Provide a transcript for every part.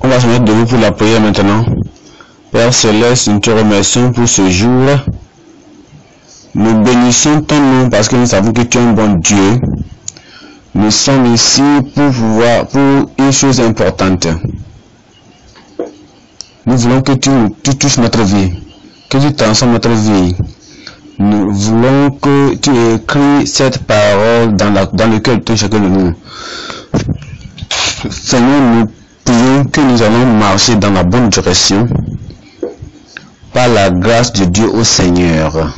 On va se mettre debout pour la prière maintenant. Père Céleste, nous te remercions pour ce jour. Nous bénissons ton nom parce que nous savons que tu es un bon Dieu. Nous sommes ici pour pouvoir, pour une chose importante. Nous voulons que tu, touches notre vie, que tu transformes notre vie, nous voulons que tu écris cette parole dans, la, dans de chacun de nous. Seigneur, nous prions que nous allons marcher dans la bonne direction par la grâce de Dieu au Seigneur.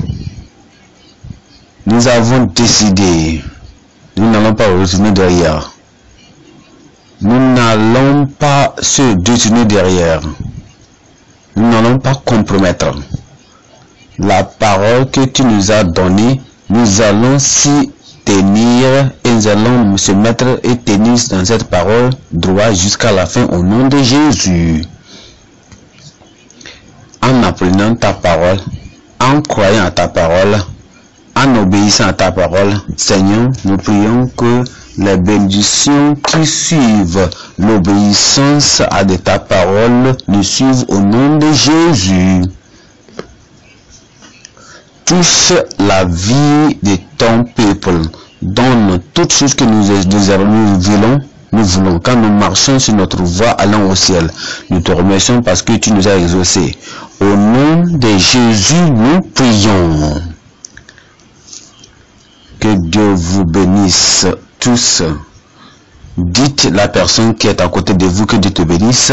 Nous avons décidé, nous n'allons pas retourner derrière. Nous n'allons pas se détenir derrière. Nous n'allons pas compromettre la parole que tu nous as donnée, nous allons s'y tenir et nous allons se mettre et tenir dans cette parole droit jusqu'à la fin au nom de Jésus. En apprenant ta parole, en croyant à ta parole, en obéissant à ta parole, Seigneur, nous prions que les bénédictions qui suivent l'obéissance à ta parole nous suivent au nom de Jésus touche la vie de ton peuple. Donne toutes choses que nous, nous voulons nous voulons, quand nous marchons sur notre voie allant au ciel, nous te remercions parce que tu nous as exaucés. Au nom de Jésus, nous prions. Que Dieu vous bénisse tous. Dites la personne qui est à côté de vous que Dieu te bénisse.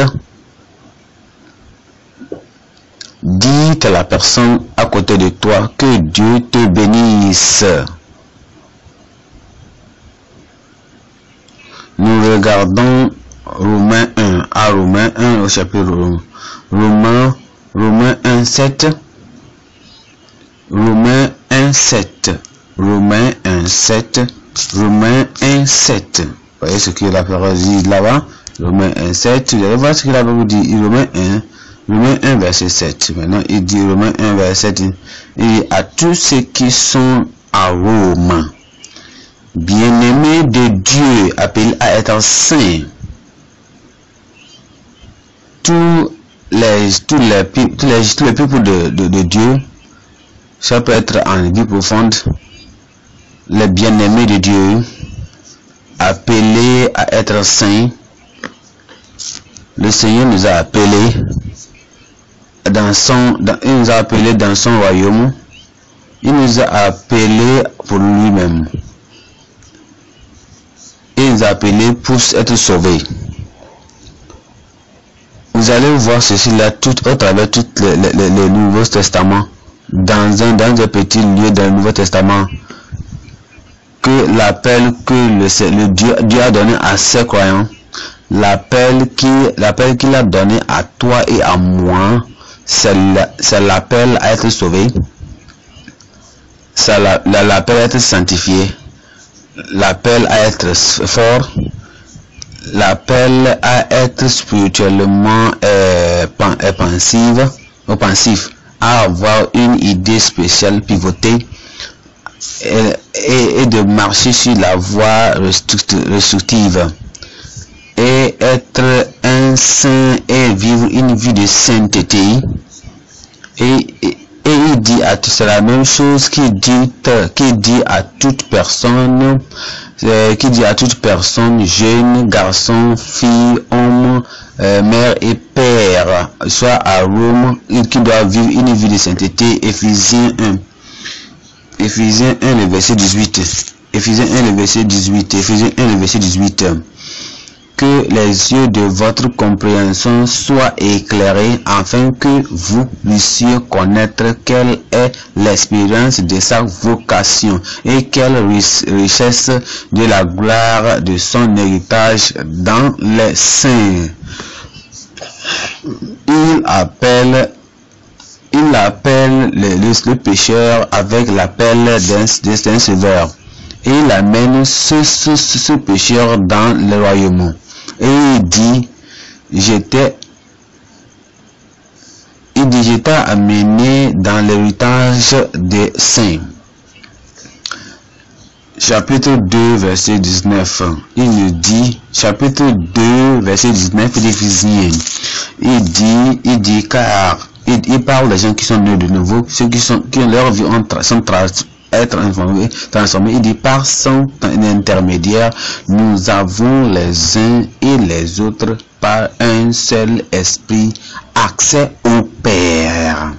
Dites à la personne à côté de toi que Dieu te bénisse. Nous regardons Romain 1 à ah, Romain 1 au chapitre Romain, Romain 1, 7. Romains 1, 7. Romains 1, 7. Romains 1, 7. Vous voyez ce qu'il a là-bas Romains 1, 7. Vous allez voir ce qu'il la dit. Romain 1, Romains 1, verset 7. Maintenant, il dit, Romains 1, verset 7, il à tous ceux qui sont à Rome, bien-aimés de Dieu, appelés à être saints, tous les, tous les, tous les, peuples de, de, de, Dieu, ça peut être en vie profonde, les bien-aimés de Dieu, appelés à être saints, le Seigneur nous a appelés dans son, dans, il nous a appelé dans son royaume. Il nous a appelé pour lui-même. Il nous a appelé pour être sauvés. Vous allez voir ceci là tout au travers tous les, Nouveaux Testaments, dans un, dans un petit lieu dans le Nouveau Testament, que l'appel que le, Dieu, Dieu a donné à ses croyants l'appel qui l'appel qu'il a donné à toi et à moi c'est l'appel à être sauvé, l'appel à être sanctifié, l'appel à être fort, l'appel à être spirituellement euh, euh, pensif, à avoir une idée spéciale pivotée euh, et, de marcher sur la voie restrictive et être un saint et vivre une vie de sainteté. Et, il dit à tout, c'est la même chose qu'il dit, qu'il dit à toute personne, euh, qui dit à toute personne, jeune, garçon, fille, homme, euh, mère et père, soit à Rome, qui doit vivre une vie de sainteté, Ephésiens 1. Ephésiens 1, le verset 18. Ephésiens 1, le verset 18. Ephésiens 1, le verset 18 que les yeux de votre compréhension soient éclairés afin que vous puissiez connaître quelle est l'expérience de sa vocation et quelle richesse de la gloire de son héritage dans les saints. Il appelle il appelle le, pécheur avec l'appel d'un sauveur et il amène ce, ce pécheur dans le royaume. Et il dit, j'étais il dit, j'étais amené dans l'héritage des saints. Chapitre 2, verset 19. Il nous dit, chapitre 2, verset 19 d'Éphésiens. Il dit, il dit, car, il, parle des gens qui sont nés de nouveau, ceux qui sont, qui leur vie entre sont, être transformé, transformé. Il dit par son intermédiaire, nous avons les uns et les autres par un seul esprit accès au Père.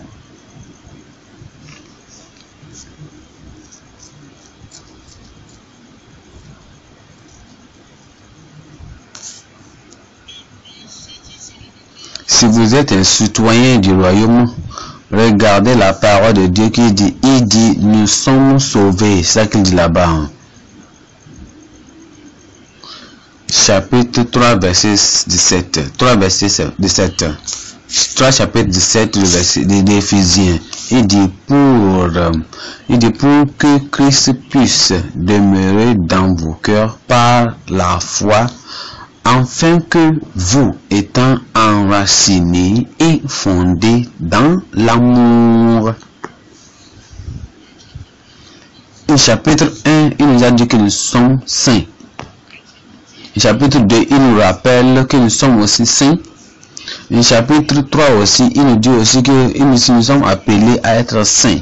Si vous êtes un citoyen du royaume, Regardez la parole de Dieu qui dit, il dit, nous sommes sauvés. C'est ça qu'il dit là-bas. Hein. Chapitre 3, verset 17. 3, verset 17. 3, chapitre 17, le verset d'Éphésiens. Il dit euh, il dit pour que Christ puisse demeurer dans vos cœurs par la foi Enfin que vous, étant enracinés et fondés dans l'amour. Au chapitre 1, il nous a dit que nous sommes saints. Au chapitre 2, il nous rappelle que nous sommes aussi saints. Au chapitre 3 aussi, il nous dit aussi que nous, sommes appelés à être saints.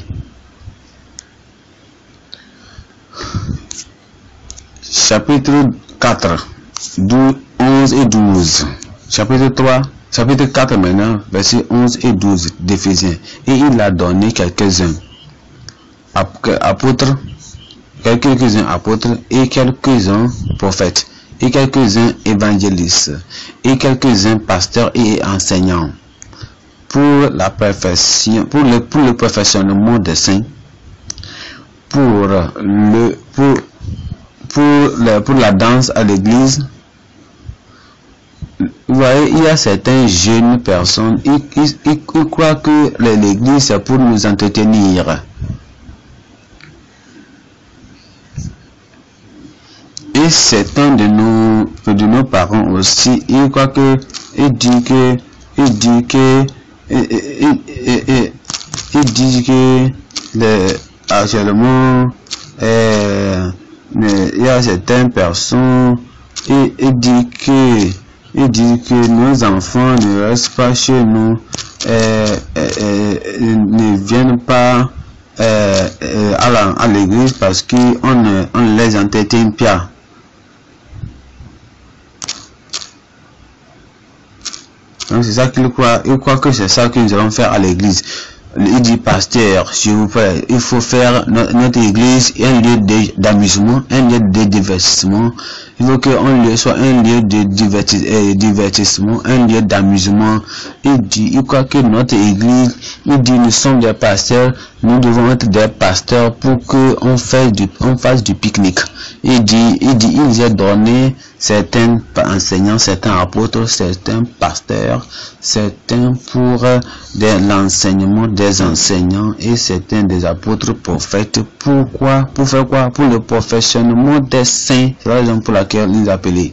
Chapitre 4, d'où 11 et 12. Chapitre 3, chapitre 4 maintenant, verset 11 et 12 d'Éphésiens. Et il a donné quelques-uns apôtres, quelques-uns apôtres et quelques-uns prophètes et quelques-uns évangélistes et quelques-uns pasteurs et enseignants pour la pour le, pour le des saints, pour le, pour, pour, pour la danse à l'église, vous voyez, il y a certains jeunes personnes, ils, ils, ils, croient que l'église c'est pour nous entretenir. Et certains de nos, de nos parents aussi, ils croient que, ils disent que, ils disent que, que, les, actuellement, euh, mais il y a certaines personnes, ils, ils disent que, il dit que nos enfants ne restent pas chez nous, euh, euh, euh, ne viennent pas à l'église parce qu'on on les entretient pas. Donc c'est ça qu'il croit. Il croit que c'est ça que nous allons faire à l'église il dit pasteur, s'il vous plaît, il faut faire notre église un lieu d'amusement, un lieu de divertissement. Il faut qu'on le soit un lieu de euh, divertissement, un lieu d'amusement. Il dit, il croit que notre église, il dit, nous sommes des pasteurs, nous devons être des pasteurs pour qu'on fasse du, on fasse du pique-nique. Il dit, il dit, a donné certains enseignants, certains apôtres, certains pasteurs, certains pour euh, l'enseignement des enseignants et certains des apôtres prophètes. Pourquoi Pour faire quoi Pour le professionnement des saints. C'est la raison pour laquelle ils appelaient.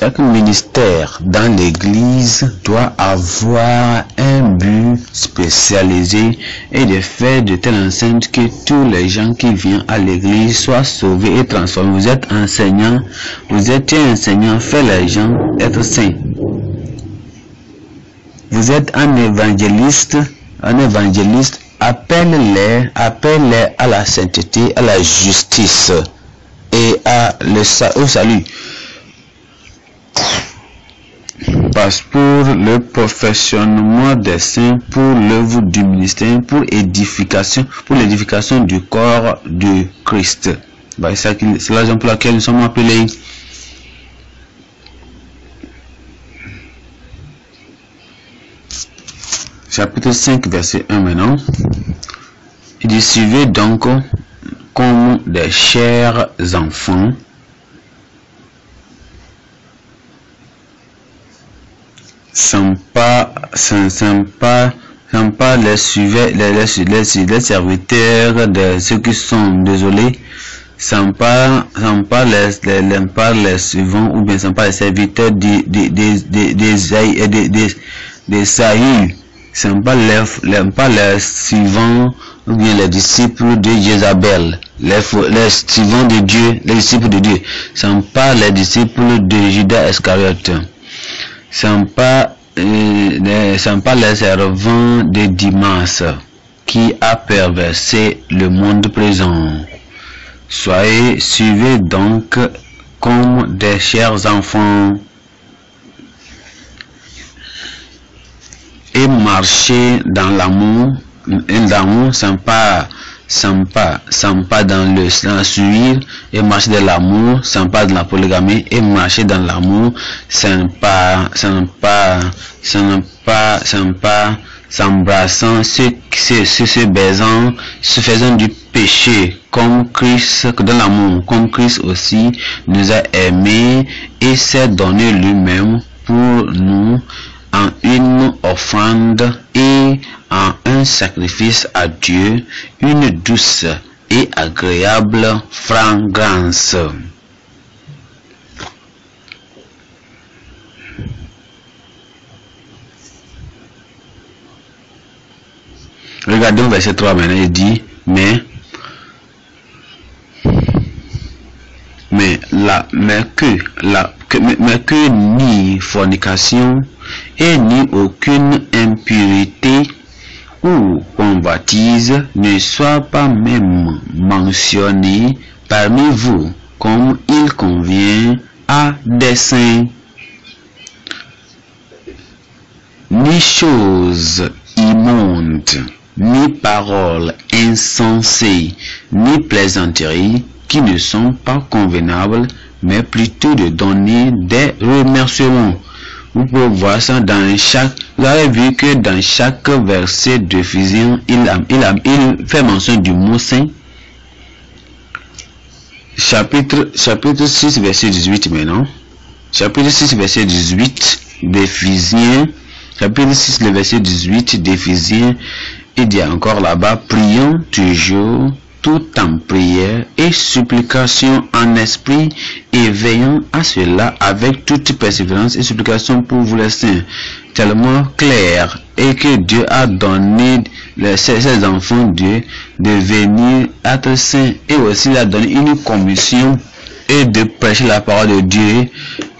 Chaque ministère dans l'Église doit avoir un but spécialisé et de faire de telle enceinte que tous les gens qui viennent à l'Église soient sauvés et transformés. Vous êtes enseignant, vous êtes enseignant, faites les gens être saints. Vous êtes un évangéliste, un évangéliste, appelle-les, appelle-les à la sainteté, à la justice et à le, au salut passe pour le professionnement des saints, pour l'œuvre du ministère, pour édification, pour l'édification du corps du Christ. Bah, c'est la raison pour laquelle nous sommes appelés chapitre 5, verset 1 maintenant. Il dit, suivez donc comme des chers enfants pas les suivants les, serviteurs de ceux qui sont désolés. pas les, les, suivants, ou bien pas les serviteurs des des des les, suivants, ou bien les disciples de Jézabel. Les, les suivants de Dieu, les disciples de Dieu. pas les disciples de Judas Iscariote sont pas, euh, pas les servants de Dimas qui a perversé le monde présent. Soyez, suivez donc comme des chers enfants et marchez dans l'amour, l'amour amour pas sympa, sympa dans le suivre et marcher de l'amour, pas dans la polygamie et marcher dans l'amour, sympa, sympa, sympa, pas s'embrassant, se, se, se, se baisant, se faisant du péché, comme Christ, dans l'amour, comme Christ aussi nous a aimé et s'est donné lui-même pour nous en une offrande et en un sacrifice à Dieu une douce et agréable fragrance. Regardons verset 3 maintenant, il dit, mais, mais, la, mais que, la, que, mais que ni fornication et ni aucune impurité ou baptise, ne soit pas même mentionné parmi vous comme il convient à des saints. ni choses immonde, ni paroles insensées, ni plaisanteries, qui ne sont pas convenables, mais plutôt de donner des remerciements. Vous pouvez voir ça dans chaque vous avez vu que dans chaque verset de il, fait mention du mot saint. Chapitre, chapitre 6, verset 18 maintenant. Chapitre 6, verset 18 d'Ephésiens. Chapitre 6, le verset 18 d'Ephésiens. Il dit encore là-bas, prions toujours tout en prière et supplication en esprit et veillons à cela avec toute persévérance et supplication pour vous les saints tellement clair et que Dieu a donné les, ses, enfants Dieu de venir être saints et aussi l'a a une commission et de prêcher la parole de Dieu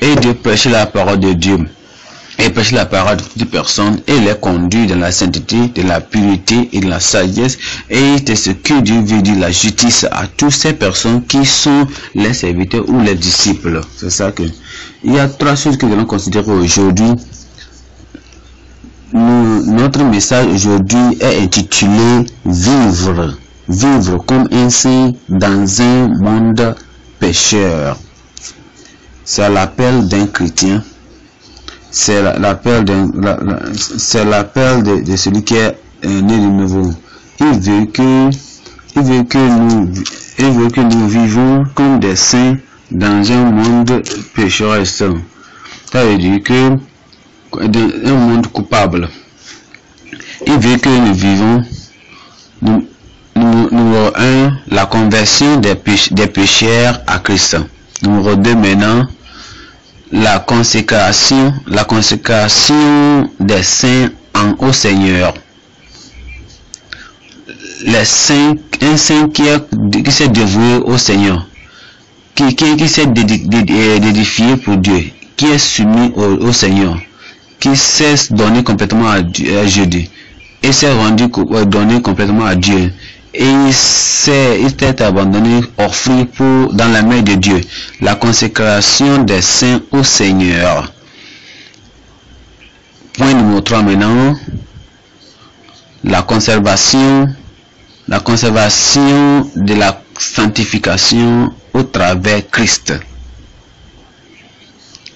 et de prêcher la parole de Dieu et prêcher la parole de personnes et les conduire dans la sainteté, de la pureté et de la sagesse et c'est ce que Dieu veut dire, la justice à toutes ces personnes qui sont les serviteurs ou les disciples. C'est ça que... Il y a trois choses que nous allons considérer aujourd'hui nous, notre message aujourd'hui est intitulé Vivre, vivre comme un saint dans un monde pécheur. C'est l'appel d'un chrétien. C'est l'appel c'est l'appel de, celui qui est né de nouveau. Il veut que, il veut que nous, il veut que nous vivons comme des saints dans un monde saint. Ça veut dire que d'un monde coupable. Il veut que nous vivons, numéro un la conversion des, des pécheurs à Christ. Numéro deux maintenant, la consécration, la consécration des saints en, au Seigneur. Les cinq, un saint qui, s'est dévoué au Seigneur, qui, qui, s'est dédié, euh, pour Dieu, qui est soumis au Seigneur qui s'est euh, donné complètement à, Dieu, et s'est rendu donné complètement à Dieu et il s'est abandonné offert pour dans la main de Dieu la consécration des saints au Seigneur point numéro 3 maintenant la conservation la conservation de la sanctification au travers Christ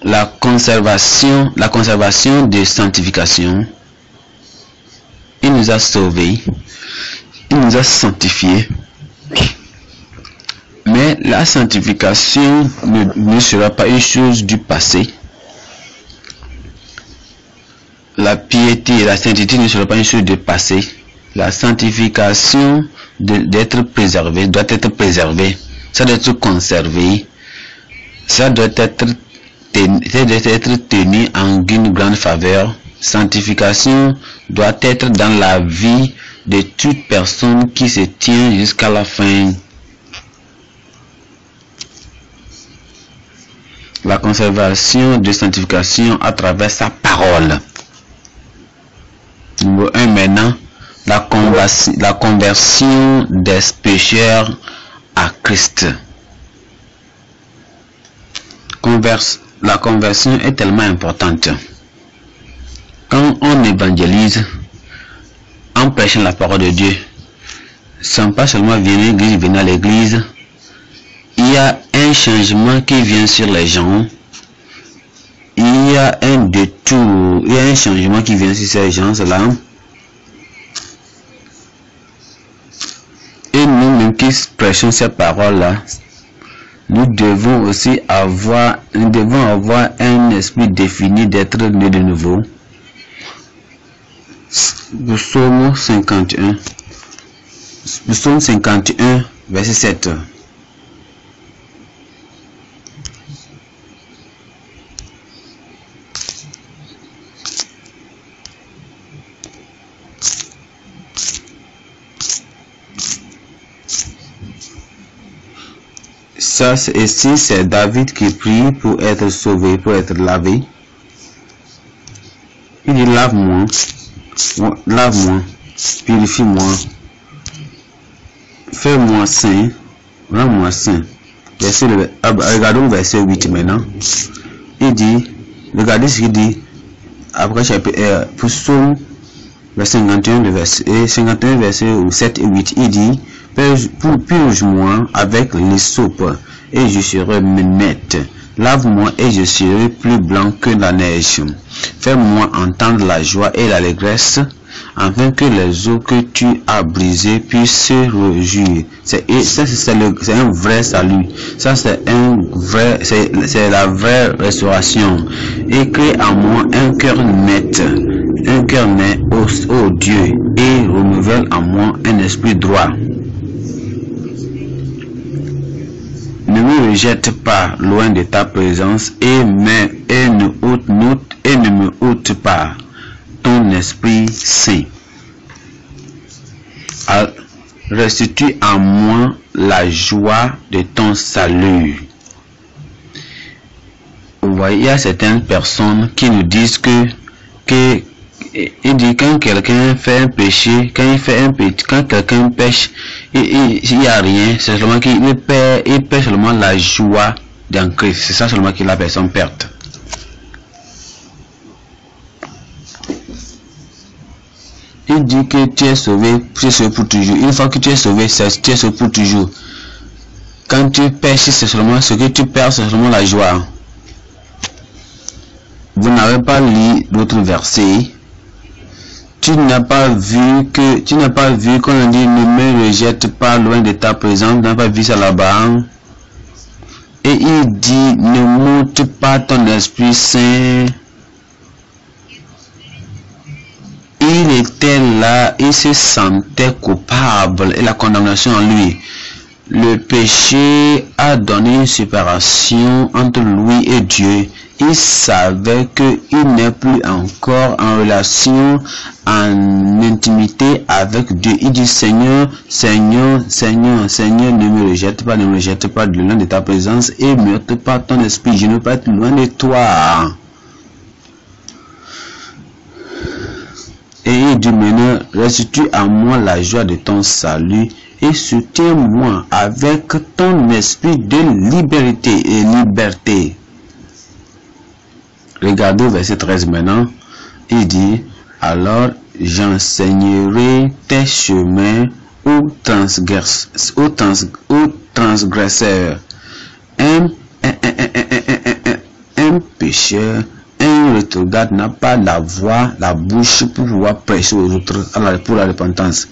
la conservation, la conservation de sanctification. Il nous a sauvé Il nous a sanctifiés. Mais la sanctification ne, sera pas une chose du passé. La piété et la sainteté ne sera pas une chose du passé. La sanctification d'être préservée doit être préservée. Ça doit être conservé. Ça doit être d'être tenu en une grande faveur. Sanctification doit être dans la vie de toute personne qui se tient jusqu'à la fin. La conservation de sanctification à travers sa parole. Numéro 1 maintenant, la, conversion, la conversion des pécheurs à Christ la conversion est tellement importante. Quand on évangélise, en prêchant la parole de Dieu, sans pas seulement venir à l'église, venir à l'église, il y a un changement qui vient sur les gens. Il y a un détour, il y a un changement qui vient sur ces gens-là. Et nous-mêmes qui prêchons ces paroles-là, nous devons aussi avoir, nous devons avoir un esprit défini d'être né de nouveau. Psaume 51, Psaume 51, verset 7. et si c'est David qui prie pour être sauvé, pour être lavé. Il dit lave-moi, lave-moi, purifie-moi, fais-moi saint, rends-moi sain Verset, ah, regardons verset 8 maintenant. Il dit, regardez ce qu'il dit après chapitre, euh, pour son, euh, verset 51, verset, 51, verset 7 et 8, il dit, purge-moi avec les soupes et je serai net, Lave-moi et je serai plus blanc que la neige. Fais-moi entendre la joie et l'allégresse, afin que les eaux que tu as brisées puissent se réjouir. C'est un vrai salut. Ça, c'est un vrai, c'est la vraie restauration. Et crée en moi un cœur net, un cœur net, au Dieu, et renouvelle à moi un esprit droit. ne me rejette pas loin de ta présence et, ne, ne me ôte pas ton Esprit Saint. Ah, restitue à moi la joie de ton salut. Vous voyez, il y a certaines personnes qui nous disent que, que quand quelqu'un fait un péché, quand il fait un péché, quand quelqu'un pêche, il n'y a rien, c'est seulement qu'il perd, il perd seulement la joie d'un Christ. C'est ça seulement que la personne perd. Il dit que tu es sauvé, tu es pour toujours. Une fois que tu es sauvé, tu es pour toujours. Quand tu perds, c'est seulement ce que tu perds, c'est seulement la joie. Vous n'avez pas lu d'autres versets tu n'as pas vu que tu n'as pas vu qu'on dit ne me rejette pas loin de ta présence, n'a pas vu ça là-bas. Hein? Et il dit ne monte pas ton esprit saint. Il était là, il se sentait coupable et la condamnation en lui. Le péché a donné une séparation entre lui et Dieu. Il savait qu'il n'est plus encore en relation, en intimité avec Dieu. Il dit Seigneur, Seigneur, Seigneur, Seigneur, ne me rejette pas, ne me rejette pas de loin de ta présence et meurtre pas ton esprit. Je ne veux pas être loin de toi. Et il dit maintenant, restitue à moi la joie de ton salut et soutiens-moi avec ton esprit de liberté et liberté. Regardez verset 13 maintenant. Il dit, alors j'enseignerai tes chemins aux, transgress, transgresseurs, un, pécheur, un retrograde n'a pas la voix, la bouche pour pouvoir prêcher aux autres pour la repentance.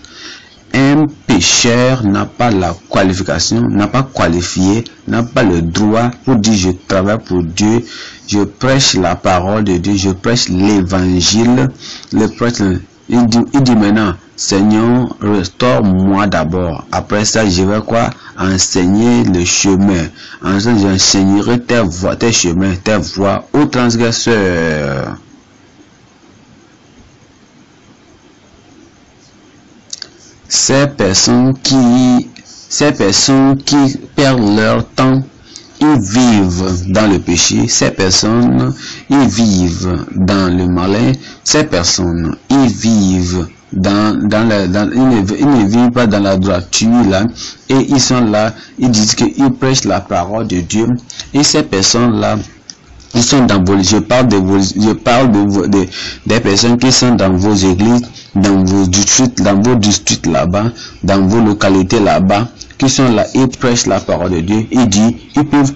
Un pécheur n'a pas la qualification, n'a pas qualifié, n'a pas le droit pour dire je travaille pour Dieu, je prêche la parole de Dieu, je prêche l'évangile. Le prêtre, il dit, maintenant, Seigneur, restaure-moi d'abord. Après ça, je vais quoi Enseigner le chemin. Ensuite, j'enseignerai tes voies, tes chemins, tes voies aux transgresseurs. Ces personnes qui, ces personnes qui perdent leur temps, ils vivent dans le péché. Ces personnes, ils vivent dans le malin. Ces personnes, ils vivent dans, dans, la, ils, ne, vivent pas dans la droiture là et ils sont là ils disent qu'ils prêchent la parole de Dieu et ces personnes là sont dans vos, je parle de je parle de, des personnes qui sont dans vos églises, dans vos districts, dans vos districts là-bas, dans vos localités là-bas, qui sont là, ils prêchent la parole de Dieu. Ils disent, ils peuvent,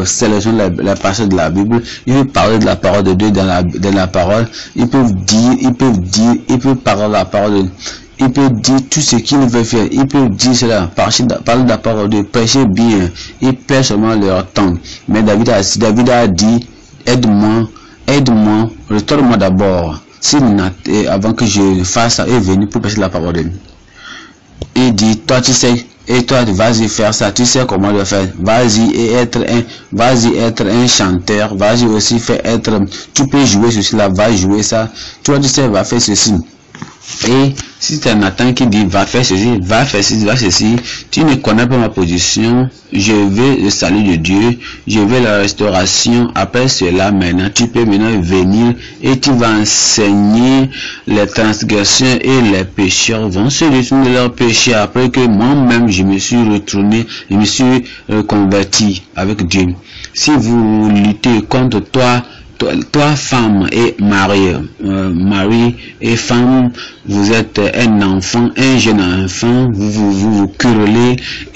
ils sélectionner la, la passage de la Bible, ils peuvent parler de la parole de Dieu dans la, dans la parole, ils peuvent dire, ils peuvent dire, ils peuvent parler de la parole de Dieu il peut dire tout ce qu'il veut faire. Il peut dire cela parler de la parole de prêcher bien. Il perd seulement leur temps. Mais David a, David a dit, aide-moi, aide-moi, retourne-moi d'abord. Euh, avant que je fasse ça, est venu pour prêcher la parole de Il dit, toi tu sais, et toi vas-y faire ça, tu sais comment le faire. Vas-y et être un, vas-y être un chanteur, vas-y aussi faire être, tu peux jouer ceci là, va jouer ça. Toi tu sais, va faire ceci. Et si tu un Nathan qui dit va faire ceci, va faire ceci, va ceci, tu ne connais pas ma position, je veux le salut de Dieu, je veux la restauration, après cela maintenant, tu peux maintenant venir et tu vas enseigner les transgressions et les pécheurs vont se retourner de leurs péchés après que moi-même je me suis retourné, je me suis euh, converti avec Dieu. Si vous luttez contre toi, toi, femme et mari, euh, mari et femme, vous êtes un enfant, un jeune enfant, vous vous, vous,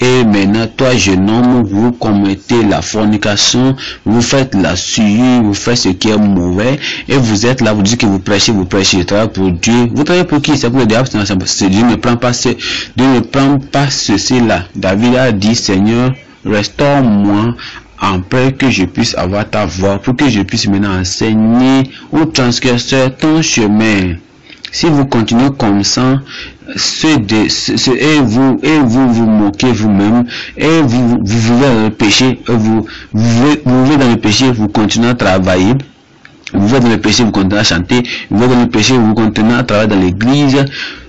et maintenant, toi, jeune homme, vous commettez la fornication, vous faites la suie, vous faites ce qui est mauvais, et vous êtes là, vous dites que vous prêchez, vous prêchez, je pour Dieu. Vous travaillez pour qui C'est pour le diable, c'est ne prend pas ce, Dieu ne prend pas ceci-là. David a dit, Seigneur, restaure-moi en peur que je puisse avoir ta voix, pour que je puisse maintenant enseigner ou transgresser ton chemin. Si vous continuez comme ça, et vous, et vous vous moquez vous-même, et vous, vous vivez dans le péché, vous, vous, vous dans le péché, vous continuez à travailler, vous êtes dans le péché, vous continuez à chanter, vous êtes dans le péché, vous continuez à travailler dans l'église,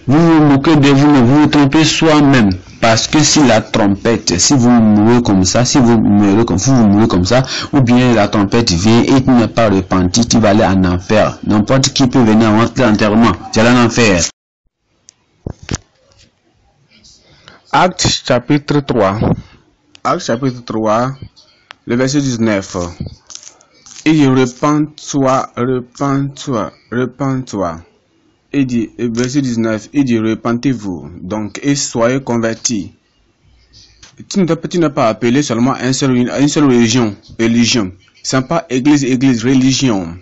vous vous moquez de vous, même vous vous trompez soi-même. Parce que si la trompette, si vous mourrez comme ça, si vous mourrez comme, vous comme ça, ou bien la trompette vient et tu n'es pas repenti, tu vas aller en enfer. N'importe qui peut venir avant l'enterrement. Tu vas en enfer. Acte chapitre 3. Acte chapitre 3, le verset 19. Et repends-toi, repends-toi, repends-toi et dit, eh, verset 19, il dit, repentez-vous, donc, et soyez convertis. Tu n'es pas appelé seulement à une seule religion, religion. Ce n'est pas église, église, religion.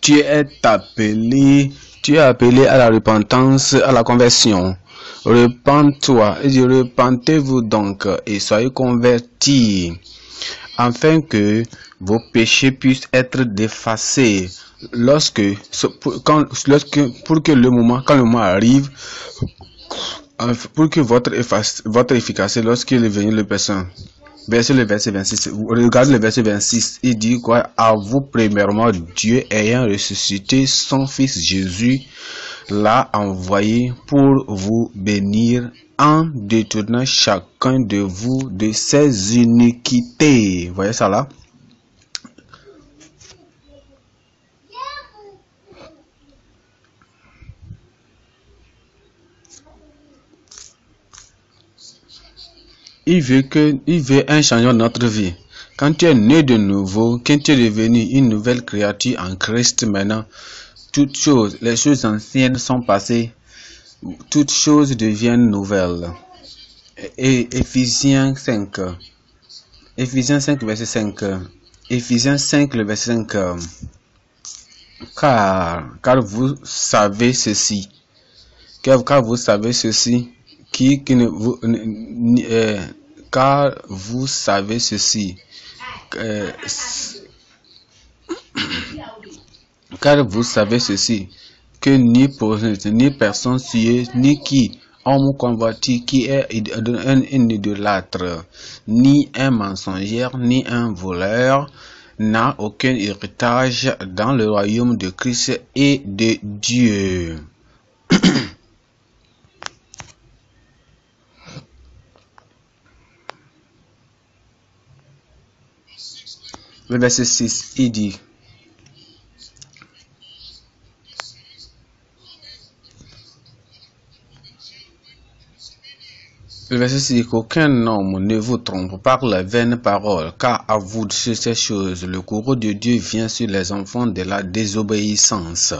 Tu es appelé, tu es appelé à la repentance, à la conversion. repente toi et repentez-vous donc, et soyez convertis afin que vos péchés puissent être effacés lorsque, pour que le moment, quand le arrive, euh, pour que votre, efficacité lorsqu'il est venu le personne. Verset le verset 26. Regarde le verset 26. Il dit quoi À vous, premièrement, Dieu ayant ressuscité son Fils Jésus, l'a envoyé pour vous bénir en détournant chacun de vous de ses iniquités. voyez ça là Il veut, que, il veut un changement de notre vie. Quand tu es né de nouveau, quand tu es devenu une nouvelle créature en Christ maintenant, toutes choses, les choses anciennes sont passées toutes choses deviennent nouvelles. Et Éphésiens 5. Ephésiens 5, verset 5. Ephésiens 5, le verset 5. Car, car vous savez ceci. Car, car vous savez ceci. Qui, qui ne, euh, car vous savez ceci. Euh, car vous savez ceci que ni ni personne ni qui, homme converti, qui est un, idolâtre, ni un mensongère, ni un voleur, n'a aucun héritage dans le royaume de Christ et de Dieu. Le verset 6, il dit, Le verset dit qu'aucun homme ne vous trompe par la vaine parole, car à vous de ces choses, le courroux de Dieu vient sur les enfants de la désobéissance.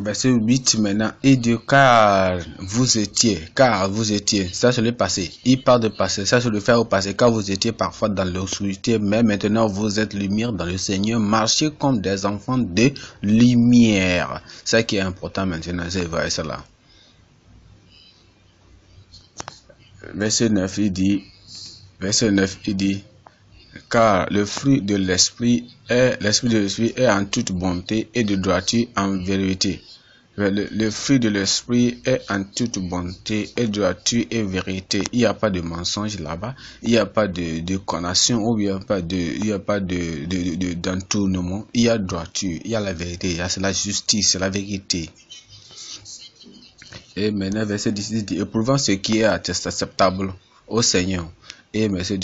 Verset ben, 8 maintenant, il dit car vous étiez, car vous étiez, ça c'est le passé. Il parle de passé, ça c'est le faire au passé, car vous étiez parfois dans l'obscurité, mais maintenant vous êtes lumière dans le Seigneur. Marchez comme des enfants de lumière. C'est qui est important maintenant, c'est vrai cela. Verset 9, il dit, verset 9, il dit, car le fruit de l'esprit est l'esprit de l'esprit est en toute bonté et de droiture en vérité le, fruit de l'esprit est en toute bonté et droiture et vérité. Il n'y a pas de mensonge là-bas. Il n'y a pas de, de ou il n'y a pas de, il n'y a pas de, d'entournement. il y a droiture, il y a la vérité, il y a la justice, la vérité. Et maintenant, verset 16 dit, éprouvant ce qui est acceptable au Seigneur. Et, verset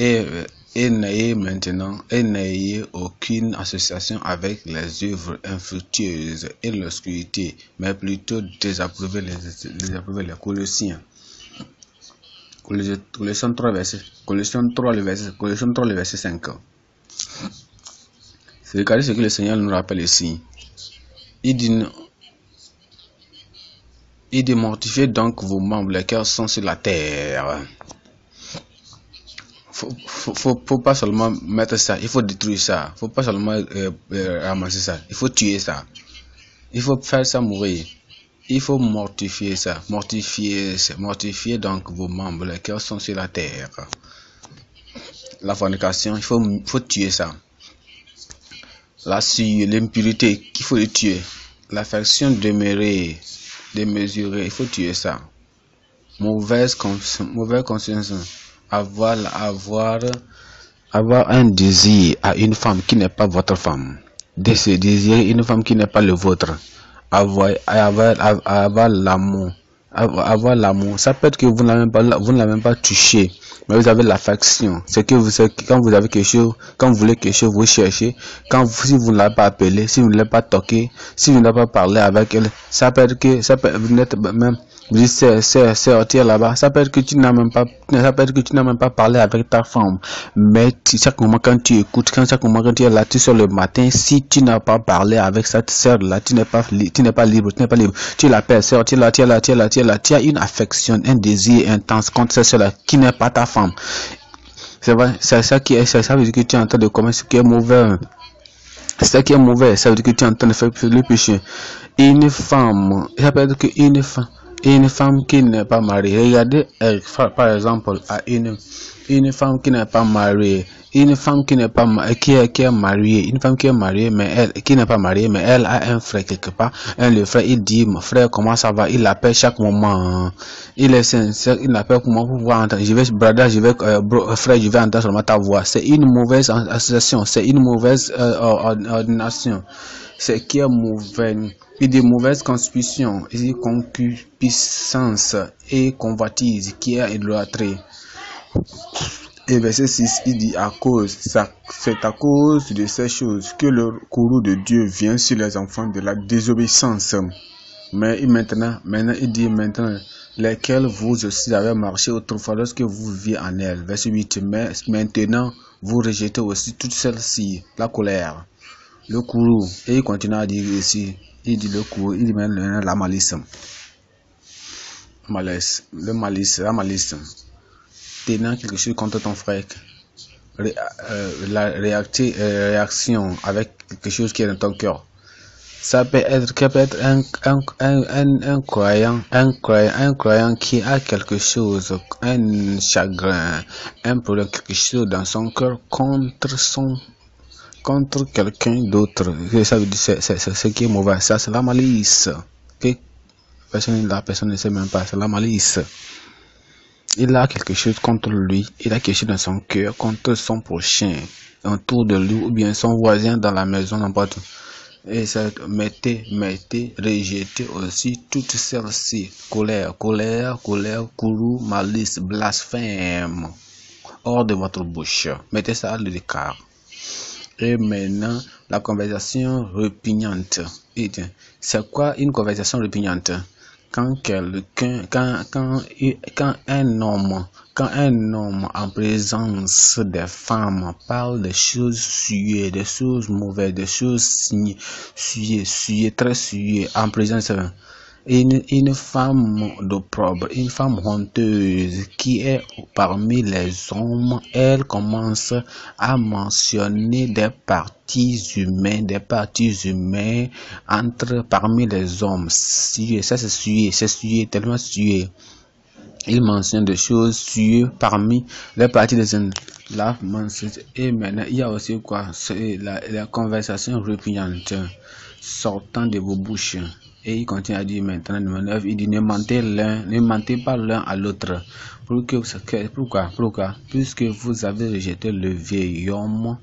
euh, et n'ayez maintenant et n'ayez aucune association avec les œuvres infructueuses et l'obscurité, mais plutôt désapprouvez les, désapprouvez les Colossiens. Colossiens 3, verset, le verset, 5. 3, le verset 5. Regardez ce que le Seigneur nous rappelle ici. Il dit, il donc vos membres, lesquels sont sur la terre faut, faut, faut, pas seulement mettre ça, il faut détruire ça. Faut pas seulement euh, euh, ramasser ça, il faut tuer ça. Il faut faire ça mourir. Il faut mortifier ça, mortifier, mortifier donc vos membres qui sont sur la terre. La fornication, il faut, faut tuer ça. La suie, l'impurité, qu'il faut le tuer. L'affection demeurée, démesurée, il faut tuer ça. Mauvaise, mauvaise conscience avoir, avoir, avoir un désir à une femme qui n'est pas votre femme, de se désirer une femme qui n'est pas le vôtre, avoir, avoir, avoir l'amour, avoir l'amour, ça peut être que vous n'avez pas, vous ne l'avez pas touché, mais vous avez l'affection. C'est que vous, quand vous avez quelque chose, quand vous voulez quelque chose, vous cherchez. Quand vous, si vous ne l'avez pas appelé, si vous ne l'avez pas toqué, si vous n'avez pas parlé avec elle, ça peut être que, ça peut, vous n'êtes même, c'est, c'est, sortir là-bas. Ça peut être que tu n'as même pas, ça que tu n'as même pas parlé avec ta femme. Mais chaque moment quand tu écoutes, quand chaque moment quand tu es là, tu sur le matin. Si tu n'as pas parlé avec cette sœur là, tu n'es pas, tu n'es pas libre, tu n'es pas libre. Tu l'appelles sœur, tu là, tu es là, tu es là, tu es là. Tu as une affection, un désir intense contre cette sœur là qui n'est pas ta femme. C'est vrai, c'est ça qui est, ça veut dire que tu es en train de commettre ce qui est mauvais. Hein. C'est ça qui est mauvais, ça veut dire que tu es en train de faire le péché. Une femme, ça peut être qu'une femme une femme qui n'est pas mariée. Regardez par exemple à une, une femme qui n'est pas mariée. Une femme qui n'est pas qui est, qui est mariée, une femme qui est mariée mais qui n'est pas mariée mais elle a un frère quelque part. Un le frère il dit mon frère comment ça va, il l'appelle chaque moment. Il est sincère, il l'appelle pour moi pour pouvoir entendre. Je vais brother, je vais euh, euh, frère, je vais entendre seulement ta voix. C'est une mauvaise association, c'est une mauvaise euh, ordination. C'est qui est mauvais et des mauvaises constitutions et concupiscence et convoitise, qui est idolâtré. Et verset 6, il dit à cause, c'est à cause de ces choses que le courroux de Dieu vient sur les enfants de la désobéissance. Mais maintenant, maintenant, il dit maintenant, lesquels vous aussi avez marché autrefois lorsque vous viviez en elle. Verset 8, maintenant, vous rejetez aussi toutes celles-ci, la colère, le courroux. Et il continue à dire ici, il dit le coup, il dit le la malice. Malice, le malice, la malice. Tenant quelque chose contre ton frère, euh, la euh, réaction avec quelque chose qui est dans ton cœur. Ça peut être, ça peut être un, un, un, un, croyant, un, croyant, un croyant qui a quelque chose, un chagrin, un problème, quelque chose dans son cœur contre son contre quelqu'un d'autre. c'est ce qui est mauvais. Ça, c'est la malice. Personne, la personne ne sait même pas. C'est la malice. Il a quelque chose contre lui. Il a quelque chose dans son cœur contre son prochain. Autour de lui ou bien son voisin dans la maison, n'importe et ça mettez, mettez, rejetez aussi toutes celles-ci. Colère, colère, colère, courroux, malice, blasphème. Hors de votre bouche. Mettez ça à l'écart et maintenant la conversation répugnante. Eh c'est quoi une conversation répugnante quand quelqu'un, quand, un homme, quand un homme en présence des femmes parle des choses suées, des choses mauvaises, des choses suées, suées, très suées, en présence une, femme d'opprobre, une femme honteuse qui est parmi les hommes, elle commence à mentionner des parties humaines, des parties humaines entre parmi les hommes. ça c'est sué, c'est sué tellement sué. Il mentionne des choses suées parmi les parties des hommes. et maintenant, il y a aussi quoi? C'est la, la conversation répugnante sortant de vos bouches. Et il continue à dire maintenant, il dit ne mentez l'un, ne mentez pas l'un à l'autre. Pourquoi Puisque vous avez rejeté le vieil homme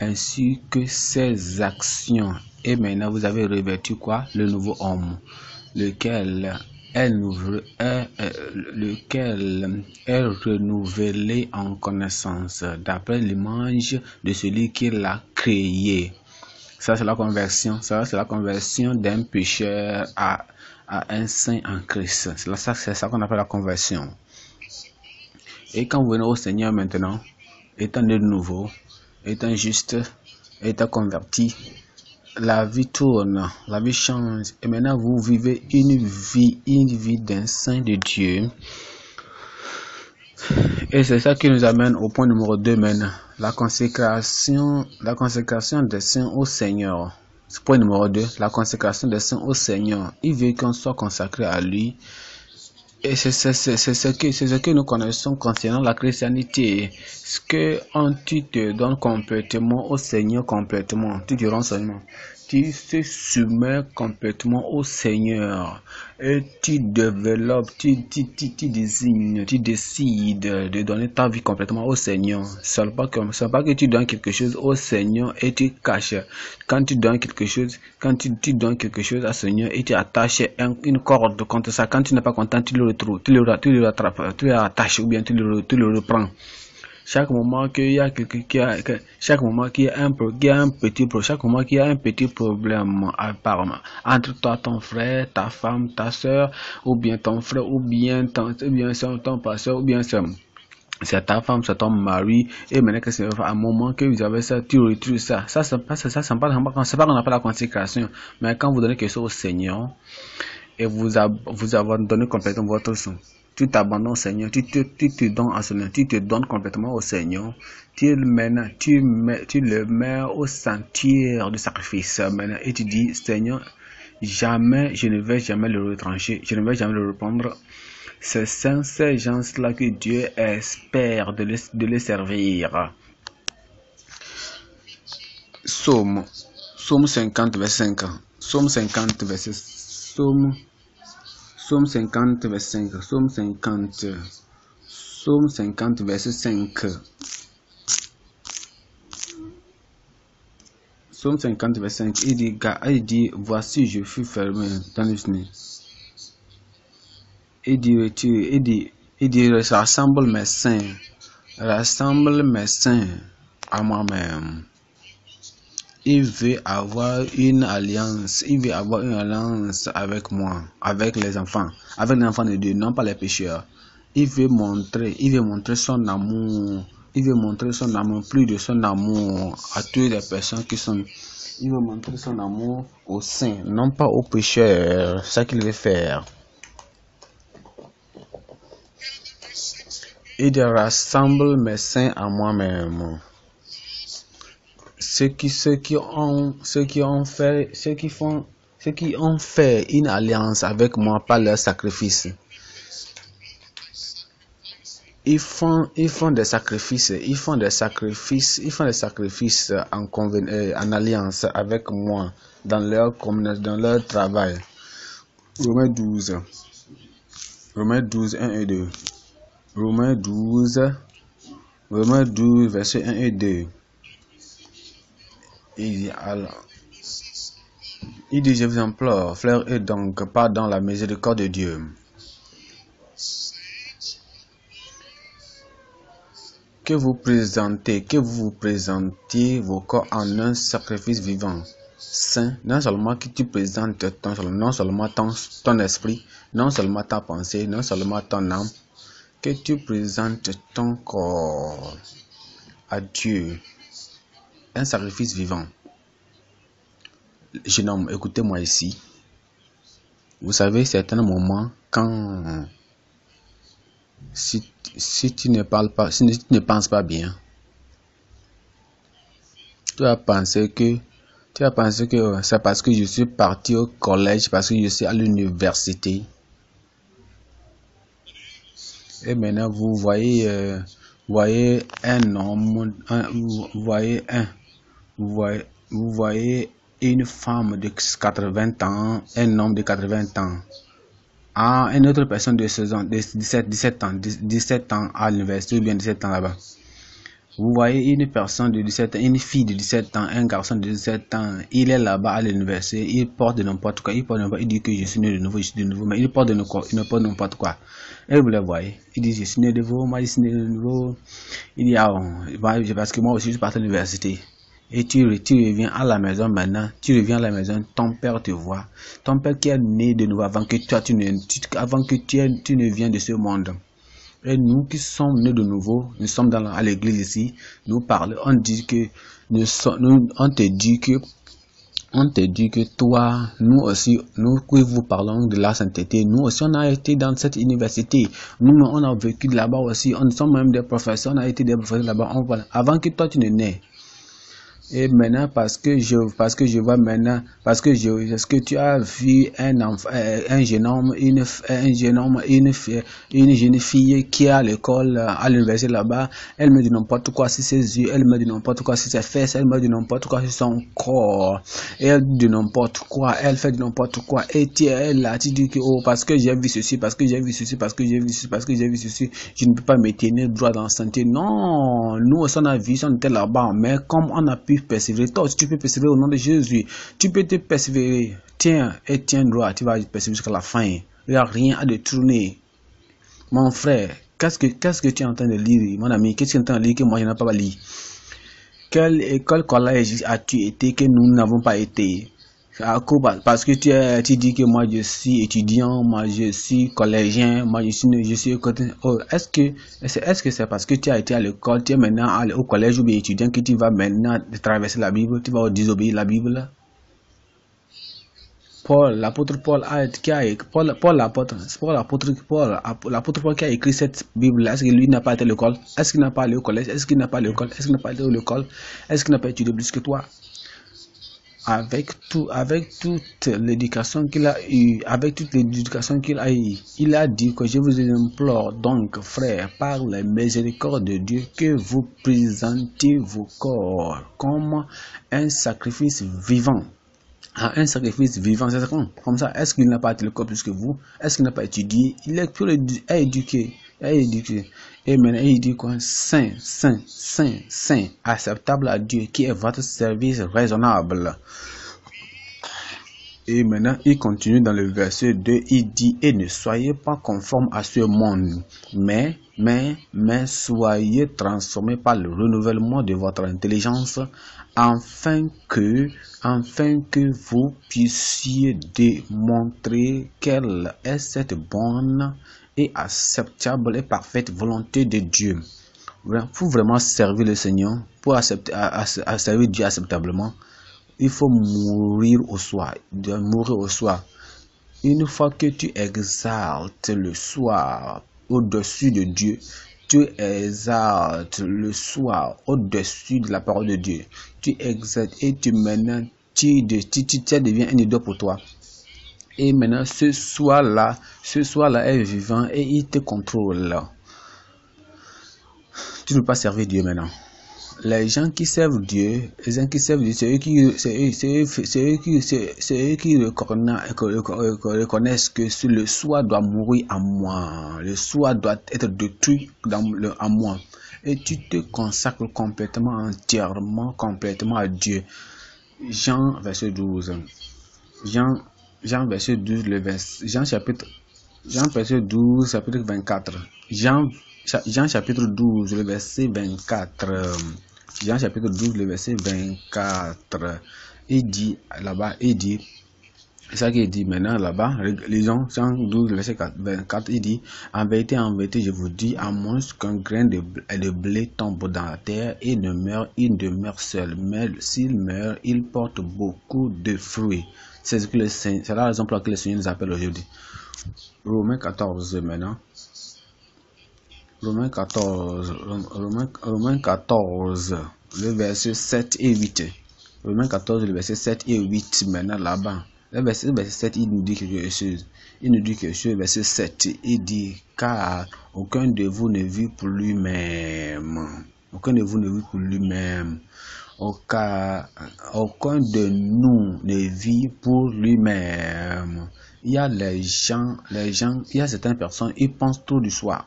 ainsi que ses actions. Et maintenant, vous avez revêtu quoi Le nouveau homme, lequel est, est, euh, lequel est renouvelé en connaissance, d'après l'image de celui qui l'a créé. Ça, c'est la conversion. Ça, c'est la conversion d'un pécheur à, à, un saint en Christ. C'est ça, ça qu'on appelle la conversion. Et quand vous venez au Seigneur maintenant, étant de nouveau, étant juste, étant converti, la vie tourne, la vie change. Et maintenant, vous vivez une vie, une vie d'un saint de Dieu. Et c'est ça qui nous amène au point numéro 2 maintenant, la consécration, la consécration des saints au Seigneur. Point numéro 2, la consécration des saints au Seigneur. Il veut qu'on soit consacré à lui. Et c'est ce, que, ce que nous connaissons concernant la christianité. Ce que on, tu te donnes complètement au Seigneur, complètement, tu te rends seulement tu te soumets complètement au Seigneur et tu développes, tu, tu, tu, désignes, tu décides de donner ta vie complètement au Seigneur. Ce n'est pas, pas, que tu donnes quelque chose au Seigneur et tu caches. Quand tu donnes quelque chose, quand tu, donnes quelque chose au Seigneur et tu attaches une corde contre ça, quand tu n'es pas content, tu le retrouves, tu le, rattrapes, tu le ou bien tu le, tu le reprends. Chaque moment qu'il y a quelqu'un chaque moment qu'il y a un, petit problème, chaque moment a un petit problème apparemment entre toi, ton frère, ta femme, ta soeur, ou bien ton frère, ou bien ton, bien ton pasteur, ou bien c'est ta femme, c'est ton mari, et maintenant que c'est un moment que vous avez ça, tu retrouves ça. Ça, c'est pas, ça, c'est pas, pas la consécration, mais quand vous donnez quelque chose au Seigneur, et vous, vous donné complètement votre son tu t'abandonnes au Seigneur, tu te, donnes à Seigneur, tu te donnes complètement au Seigneur, tu, le mets au sentier du sacrifice et tu dis Seigneur, jamais, je ne vais jamais le retrancher, je ne vais jamais le reprendre. C'est sans ces gens-là que Dieu espère de les, servir. Somme, Somme 50, verset 5. Somme 50, verset somme. Somme 50, verset 5. Somme 50. Psaume 50, verset 5. Somme 50, verset 5. Il dit, dit, voici, je suis fermé dans le nez. Il dit, tu, il dit, il dit, rassemble mes saints, Rassemble mes saints à moi-même il veut avoir une alliance, il veut avoir une alliance avec moi, avec les enfants, avec les enfants de Dieu, non pas les pécheurs. Il veut montrer, il veut montrer son amour, il veut montrer son amour, plus de son amour à toutes les personnes qui sont. Il veut montrer son amour aux saints, non pas aux pécheurs, ce qu'il veut faire. Il rassemble mes saints à moi-même ceux qui, ceux qui ont, ceux qui ont fait, ceux qui font, ceux qui ont fait une alliance avec moi par leur sacrifice. Ils font, ils font des sacrifices, ils font des sacrifices, ils font des sacrifices en, euh, en alliance avec moi dans leur, dans leur travail. Romains 12. Romains 12, 1 et 2. Romains 12, Romains 12, verset 1 et 2 il, dit, je vous implore, fleur et donc pas dans la miséricorde de Dieu. Que vous présentez, que vous vous présentiez vos corps en un sacrifice vivant, saint, non seulement que tu présentes non seulement ton esprit, non seulement ta pensée, non seulement ton âme, que tu présentes ton corps à Dieu un sacrifice vivant. Je homme, écoutez-moi ici. Vous savez, certains moments, quand si, si tu ne parles pas, si tu ne penses pas bien, tu vas penser que tu vas penser que euh, c'est parce que je suis parti au collège, parce que je suis à l'université. Et maintenant, vous voyez, euh, voyez un homme, vous voyez un, vous voyez, vous voyez une femme de 80 ans, un homme de 80 ans. Ah, une autre personne de, 17, 17 ans, 17 ans à l'université ou bien 17 ans là-bas. Vous voyez une personne de 17 ans, une fille de 17 ans, un garçon de 17 ans, il est là-bas à l'université, il porte de n'importe quoi, il porte il dit que je suis né de nouveau, je suis de nouveau, mais il porte de quoi, il ne n'importe quoi. Et vous le voyez, il dit je suis né de nouveau, moi je suis né de nouveau, il dit ah bon, parce que moi aussi je suis parti à l'université. Et tu, reviens à la maison maintenant, tu reviens à la maison, ton père te voit. Ton père qui est né de nouveau avant que toi, tu ne, avant que tu, tu ne viennes de ce monde. Et nous qui sommes nés de nouveau, nous sommes dans, à l'église ici, nous parlons, on dit que, nous, on te dit que, on te dit que toi, nous aussi, nous qui vous parlons de la sainteté, nous aussi, on a été dans cette université. Nous, on a vécu là-bas aussi, on sommes même des professeurs, on a été des professeurs là-bas. Avant que toi, tu ne nais. Et maintenant, parce que je, parce que je vois maintenant, parce que je, est-ce que tu as vu un euh, un jeune homme, une, un jeune homme, une, une jeune fille qui est à l'école, euh, à l'université là-bas, elle me dit n'importe quoi sur ses yeux, elle me dit n'importe quoi sur ses fesses, elle me dit n'importe quoi sur son corps, elle dit n'importe quoi, elle fait n'importe quoi, et tu es là, tu dis que, oh, parce que j'ai vu ceci, parce que j'ai vu ceci, parce que j'ai vu ceci, parce que j'ai vu ceci, je ne peux pas me tenir droit dans le sentier. Non, nous, on a vu, on était là-bas, mais comme on a pu persévérer. Toi tu peux persévérer au nom de Jésus. Tu peux te persévérer. Tiens et tiens droit. Tu vas persévérer jusqu'à la fin. Il n'y a rien à détourner. Mon frère, qu'est-ce que, qu'est-ce que tu es en train de lire, mon ami Qu'est-ce que tu es en train de lire que moi, je n'ai pas lu Quelle école collège as-tu été que nous n'avons pas été à parce que tu, dis que moi je suis étudiant, moi je suis collégien, moi je suis, je oh, Est-ce que c'est parce que tu as été à l'école, tu es maintenant au collège ou bien étudiant que tu vas maintenant traverser la Bible, tu vas désobéir la Bible Paul, l'apôtre Paul a, qui a Paul, l'apôtre, Paul l'apôtre Paul, l'apôtre Paul qui a écrit cette Bible, est-ce que lui n'a pas été à l'école Est-ce qu'il n'a pas allé au collège Est-ce qu'il n'a pas allé au collège Est-ce qu'il n'a pas été à l'école Est-ce qu'il n'a pas étudié plus que toi avec tout, avec toute l'éducation qu'il a eu avec toute l'éducation qu'il a eu il a dit que je vous implore donc, frère, par la miséricorde de Dieu, que vous présentez vos corps comme un sacrifice vivant. un sacrifice vivant, c'est comme ça. Est-ce qu'il n'a pas été le corps plus que vous Est-ce qu'il n'a pas étudié Il est plus éduqué. éduqué et maintenant il dit quoi Saint, saint, saint, saint, acceptable à Dieu, qui est votre service raisonnable. Et maintenant, il continue dans le verset 2, il dit, et ne soyez pas conformes à ce monde, mais, mais, mais soyez transformés par le renouvellement de votre intelligence, afin que, afin que vous puissiez démontrer quelle est cette bonne et acceptable et parfaite volonté de Dieu. Pour vraiment servir le Seigneur, pour accepter, servir Dieu acceptablement, il faut mourir au soir, de mourir au soir. Une fois que tu exaltes le soir au-dessus de Dieu, tu exaltes le soir au-dessus de la parole de Dieu. Tu exaltes et tu maintenant, tu, deviens un idole pour toi. Et maintenant, ce soir-là, ce soir-là est vivant et il te contrôle. Tu ne peux pas servir Dieu maintenant les gens qui servent Dieu, les gens qui servent Dieu, c'est eux qui, qui reconnaissent que le soi doit mourir à moi, le soi doit être détruit dans le, à moi. Et tu te consacres complètement, entièrement, complètement à Dieu. Jean verset 12. Jean, Jean verset 12, le Jean chapitre, Jean verset 12, chapitre 24. Jean Jean chapitre 12, le verset 24. Jean chapitre 12, le verset 24. Il dit là-bas, il dit, c'est ça qu'il dit maintenant là-bas, lisons 12, verset 24, il dit, en vérité, en vérité, je vous dis, à moins qu'un grain de, blé tombe dans la terre et ne meurt, il demeure seul, mais s'il meurt, il porte beaucoup de fruits. C'est ce la raison pour laquelle le Seigneur nous appelle aujourd'hui. Romains 14 maintenant. Romains 14, Romains, 14, le verset 7 et 8. Romains 14, le verset 7 et 8, maintenant là-bas. Le verset, 7, il nous dit quelque chose. Il nous dit quelque le verset 7, il dit, car aucun de vous ne vit pour lui-même. Aucun de vous ne vit pour lui-même. Aucun, de nous ne vit pour lui-même. Il y a les gens, il y a certaines personnes, ils pensent tout du soir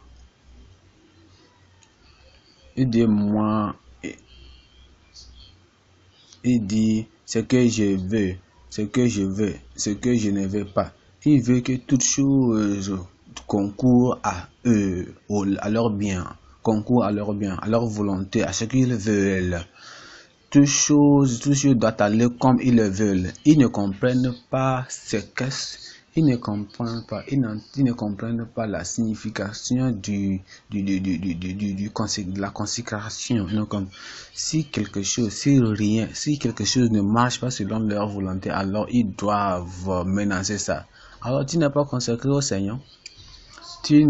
des moi et dit ce que je veux, ce que je veux, ce que je ne veux pas. Il veut que toutes choses concourent à eux, à leur bien, concourent à leur bien, à leur volonté, à ce qu'ils veulent. Toutes choses, toutes choses doivent aller comme ils le veulent. Ils ne comprennent pas ce qu'est ils ne comprennent pas, ils, ne comprennent pas la signification du, du, de la consécration. Euh, si quelque chose, ne marche pas selon leur volonté, alors ils doivent menacer ça. Alors, tu n'es pas consacré au Seigneur. Tu,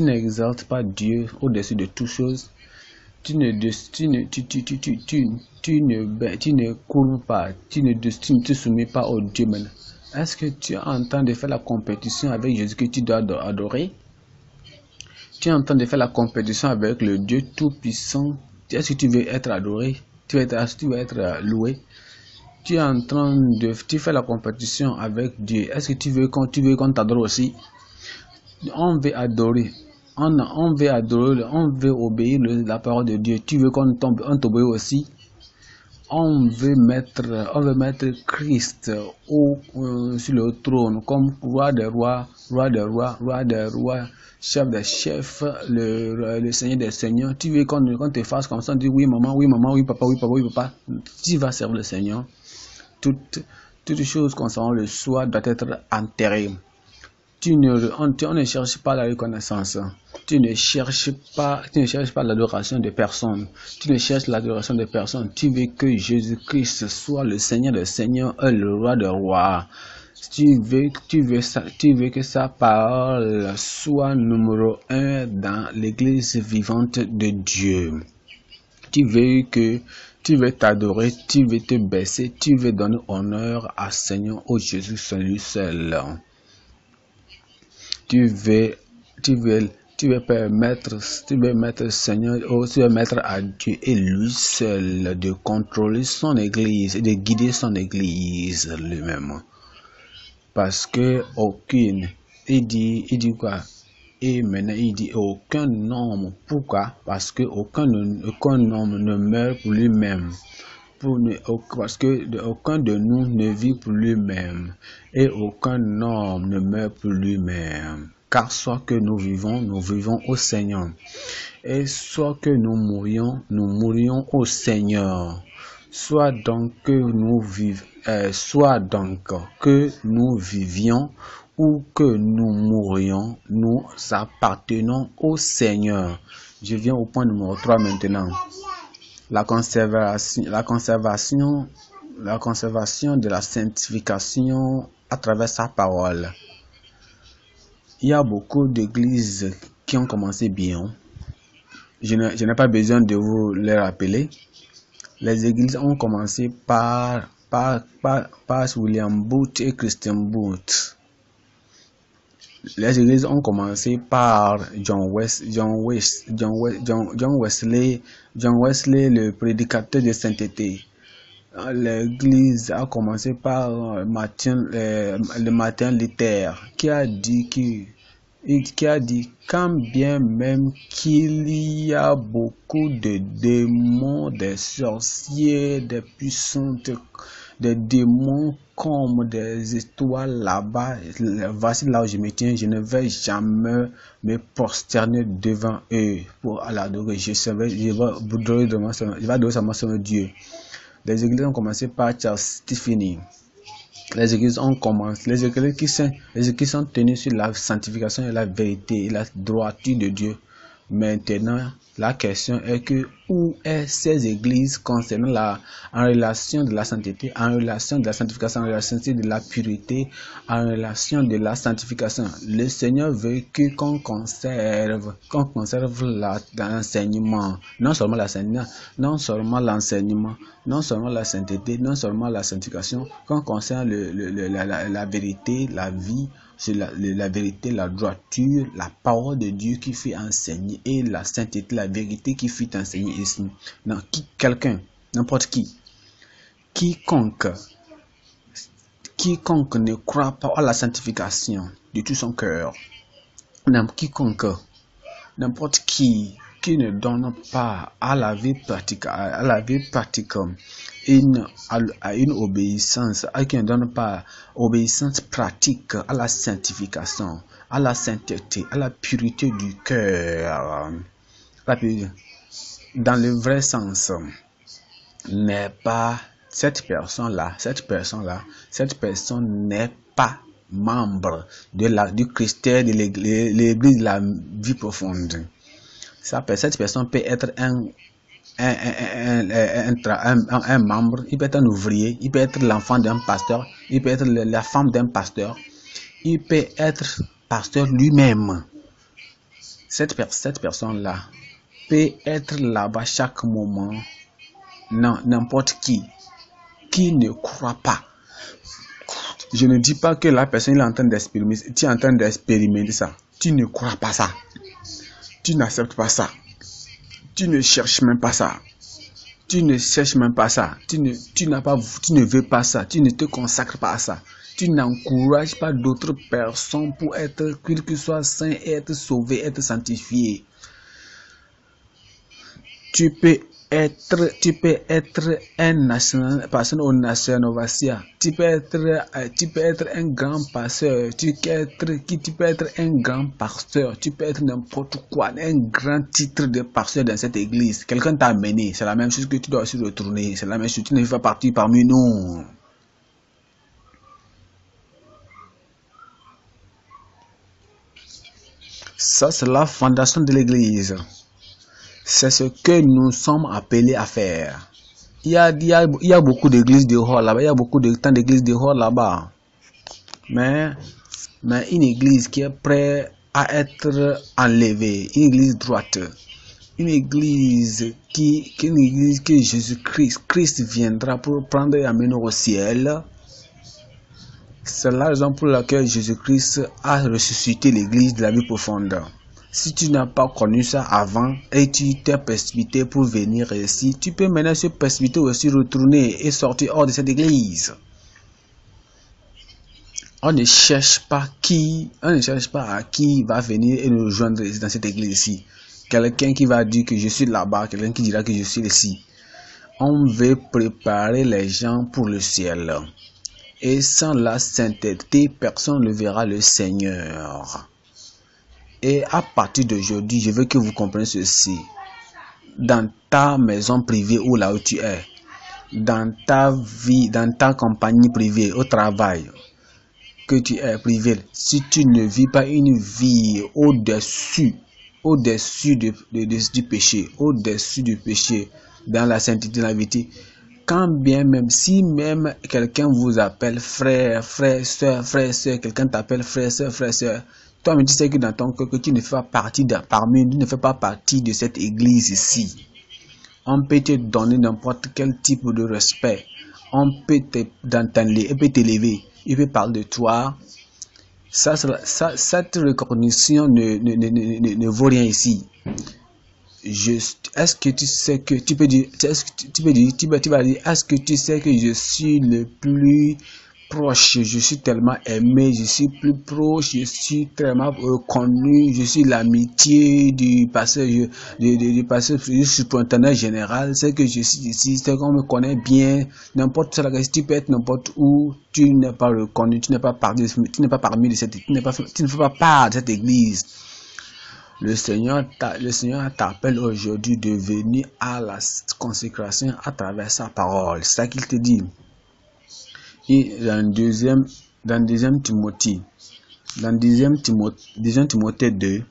n'exaltes pas, Dieu au-dessus de toute chose tu ne tu pas, tu ne tu ne te soumets pas au Dieu maintenant. Est-ce que tu es en train de faire la compétition avec Jésus que tu dois adorer Tu es en train de faire la compétition avec le Dieu Tout-Puissant. Est-ce que tu veux être adoré Tu veux être, tu veux être euh, loué tu es en train de tu fais la compétition avec Dieu. Est-ce que tu veux qu'on qu'on t'adore aussi On veut adorer. On, on veut adorer, on veut obéir la parole de Dieu. Tu veux qu'on tombe, t'obéit aussi on veut mettre, on veut mettre Christ au, euh, sur le trône comme roi des rois, roi des rois, roi des rois, chef des chefs, le, seigneur des seigneurs. Tu veux qu'on te fasse comme ça, on dit oui maman, oui maman, oui papa, oui papa, oui papa. Tu vas servir le Seigneur. Toute, toute chose concernant le soi doit être enterrée. Tu ne, on ne cherche pas la reconnaissance tu ne cherches pas, tu ne cherches pas l'adoration de personnes. Tu ne cherches l'adoration de personnes. Tu veux que Jésus-Christ soit le Seigneur des Seigneurs et le Roi des Roi. Tu veux, tu veux, que sa parole soit numéro un dans l'église vivante de Dieu. Tu veux que tu veux t'adorer, tu veux te baisser, tu veux donner honneur à Seigneur, au Jésus, christ seul. Tu veux, tu veux tu veux permettre, tu veux mettre Seigneur, oh, tu veux mettre à Dieu et lui seul de contrôler son Église et de guider son Église lui-même. Parce que aucune, il dit, il dit quoi Et maintenant, il dit aucun homme. Pourquoi Parce que aucun, homme ne meurt pour lui-même. parce que aucun de nous ne vit pour lui-même et aucun homme ne meurt pour lui-même car soit que nous vivons, nous vivons au Seigneur. Et soit que nous mourions, nous mourions au Seigneur. Soit donc que nous vivions, euh, soit donc que nous vivions ou que nous mourions, nous appartenons au Seigneur. Je viens au point numéro 3 maintenant. La conservation, la conservation, la conservation de la sanctification à travers sa parole il y a beaucoup d'églises qui ont commencé bien. Je n'ai pas besoin de vous les rappeler. Les églises ont commencé par, William Booth et Christian Booth. Les églises ont commencé par John, West, John, John, Wesley, John Wesley, le prédicateur de sainteté. Hein, l'Église a commencé par euh, matin euh, le matin Luther qui a dit que qui a dit quand bien même qu'il y a beaucoup de démons, des sorciers, des puissantes, des démons comme des étoiles là-bas, voici là où je me tiens, je ne vais jamais me prosterner devant eux pour l'adorer. Je, je vais adorer seulement Dieu. Les églises ont commencé par Charles Tiffany. Les églises ont commencé. Les églises qui sont, les églises sont tenues sur la sanctification et la vérité et la droiture de Dieu Maintenant, la question est que où est ces églises concernant la en relation de la sainteté, en relation de la sanctification, en relation de la pureté, en relation de la sanctification. Le Seigneur veut que qu'on conserve, qu'on conserve l'enseignement, non seulement non seulement l'enseignement, non seulement la sainteté, non seulement la sanctification, qu'on conserve la vérité, la vie, c'est la, vérité, la droiture, la parole de Dieu qui fait enseigner et la sainteté, la vérité qui fait enseigner ici. Non, qui, quelqu'un, n'importe qui, quiconque, quiconque ne croit pas à la sanctification de tout son cœur, quiconque, n'importe qui ne donne pas à la vie pratique, à la vie pratique euh, une, à une obéissance, à qui ne donne pas obéissance pratique à la sanctification, à la sainteté, à la pureté du cœur, dans le vrai sens, n'est pas cette personne-là, cette personne-là, cette personne n'est pas membre de la, du Christ de l'Église de la vie profonde. Ça cette personne peut être un, un, un, un, membre, il peut être un ouvrier, il peut être l'enfant d'un pasteur, il peut être la femme d'un pasteur, il peut être pasteur lui-même. Cette, cette personne-là peut être là-bas chaque moment, n'importe qui, qui ne croit pas. Je ne dis pas que la personne est en train en train d'expérimenter ça. Tu ne crois pas ça tu n'acceptes pas ça. Tu ne cherches même pas ça. Tu ne cherches même pas ça. Tu ne, tu n'as pas, tu ne veux pas ça. Tu ne te consacres pas à ça. Tu n'encourages pas d'autres personnes pour être, quel que soit saint, être sauvé, être sanctifié. Tu peux être, tu peux être un national, personne au National hein. Tu peux être, euh, tu peux être un grand pasteur Tu peux être, qui, tu peux être un grand pasteur. Tu peux être n'importe quoi, un grand titre de pasteur dans cette église. Quelqu'un t'a amené. C'est la même chose que tu dois aussi retourner. C'est la même chose. que Tu ne fais pas partir parmi nous. Ça, c'est la fondation de l'église. C'est ce que nous sommes appelés à faire. Il y a, beaucoup d'églises dehors là-bas, il y a beaucoup de temps d'églises dehors là-bas. Mais, mais une église qui est prête à être enlevée, une église droite, une église qui, qui que Jésus-Christ, Christ viendra pour prendre et amener au ciel. C'est la raison pour laquelle Jésus-Christ a ressuscité l'église de la vie profonde. Si tu n'as pas connu ça avant et tu t'es précipité pour venir ici, tu peux maintenant se précipiter aussi, retourner et sortir hors de cette église. On ne cherche pas qui, on ne cherche pas à qui va venir et nous rejoindre dans cette église ici. Quelqu'un qui va dire que je suis là-bas, quelqu'un qui dira que je suis ici. On veut préparer les gens pour le ciel. Et sans la sainteté, personne ne verra le Seigneur. Et à partir d'aujourd'hui, je veux que vous compreniez ceci. Dans ta maison privée ou là où tu es, dans ta vie, dans ta compagnie privée, au travail, que tu es privé, si tu ne vis pas une vie au-dessus, au-dessus de, du péché, au-dessus du péché, dans la sainteté, la vérité, quand bien même, si même quelqu'un vous appelle frère, frère, soeur, frère, soeur, quelqu'un t'appelle frère, soeur, frère, soeur, toi-même, tu sais que dans ton cœur, que tu ne fais pas partie de, parmi, tu ne fais pas partie de cette église ici. On peut te donner n'importe quel type de respect. On peut on peut t'élever. Il peut parler de toi. Ça, ça, cette reconnaissance ne, ne, ne, ne vaut rien ici. Est-ce que tu sais que tu peux dire, tu, peux dire, tu, peux, tu vas dire, est-ce que tu sais que je suis le plus proche, je suis tellement aimé, je suis plus proche, je suis tellement reconnu, je suis l'amitié du passé, du, du, passé, du général, c'est que je suis ici, c'est qu'on me connaît bien, n'importe où, tu peux être n'importe où, tu n'es pas reconnu, tu n'es pas parmi, tu n'es pas parmi de cette, tu n'es pas, tu ne fais pas part de cette église. Le Seigneur, le Seigneur t'appelle aujourd'hui de venir à la consécration à travers sa parole. C'est ça qu'il te dit dans deuxième dans deuxième Timothée dans deuxième Timothée deuxième Timothée 2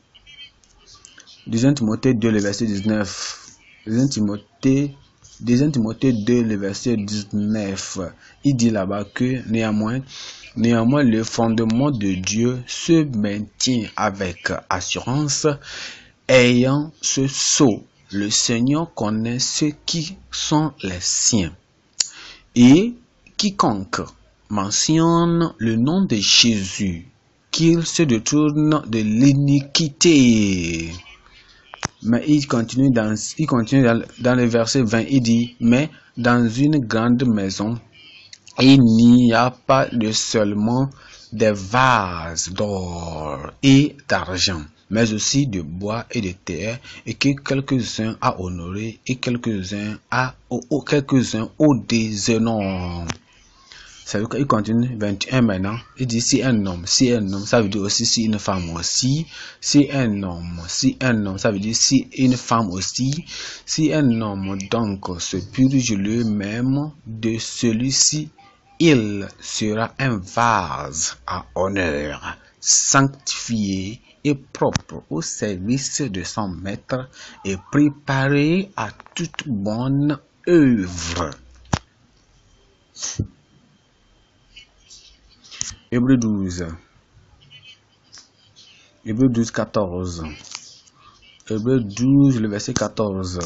deuxième Timothée 2 le verset 19 deuxième Timothée deuxième Timothée 2 le verset 19 il dit là-bas que néanmoins néanmoins le fondement de Dieu se maintient avec assurance ayant ce sceau le Seigneur connaît ceux qui sont les siens et Quiconque mentionne le nom de Jésus, qu'il se détourne de l'iniquité. Mais il continue, dans, il continue dans, le verset 20, il dit, mais dans une grande maison, il n'y a pas de seulement des vases d'or et d'argent, mais aussi de bois et de terre, et que quelques-uns a honoré et quelques-uns ont quelques-uns au ça veut qu'il continue 21 maintenant. Il dit si un homme, si un homme, ça veut dire aussi si une femme aussi. Si un homme, si un homme, ça veut dire si une femme aussi. Si un homme donc se purge lui-même de celui-ci, il sera un vase à honneur, sanctifié et propre au service de son maître et préparé à toute bonne œuvre. Hébreu 12. Hébreu 12, 14. Hébreu 12, le verset 14.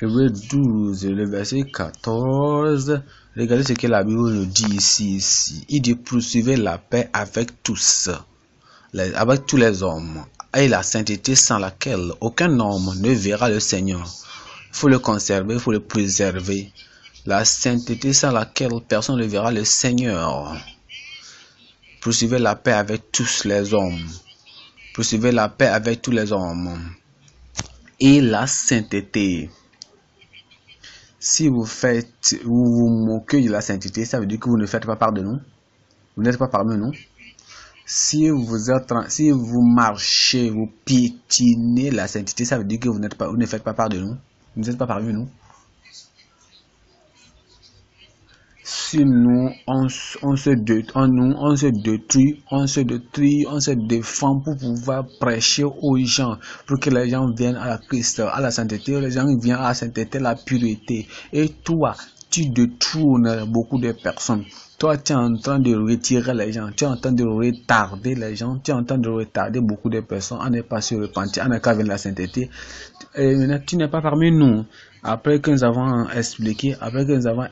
Hébreu 12, le verset 14. Regardez ce que la Bible nous dit ici. Il dit poursuivez la paix avec tous, avec tous les hommes, et la sainteté sans laquelle aucun homme ne verra le Seigneur. Il faut le conserver, il faut le préserver. La sainteté sans laquelle personne ne verra le Seigneur. Poursuivez la paix avec tous les hommes. Poursuivez la paix avec tous les hommes. Et la sainteté. Si vous faites, vous vous moquez de la sainteté, ça veut dire que vous ne faites pas part de nous. Vous n'êtes pas parmi nous. Si vous êtes, si vous marchez, vous piétinez la sainteté, ça veut dire que vous n'êtes pas, vous ne faites pas part de nous. Vous n'êtes pas parmi nous. si nous, on, se détruit, nous, on se détruit, on se on se défend pour pouvoir prêcher aux gens, pour que les gens viennent à la Christ, à la sainteté, les gens viennent à la sainteté, la pureté. Et toi, tu détournes beaucoup de personnes. Toi, tu es en train de retirer les gens, tu es en train de retarder les gens, tu es en train de retarder beaucoup de personnes à n'est pas se repentir, à ne pas venir la sainteté. Et tu n'es pas parmi nous. Après que nous avons expliqué, après que nous avons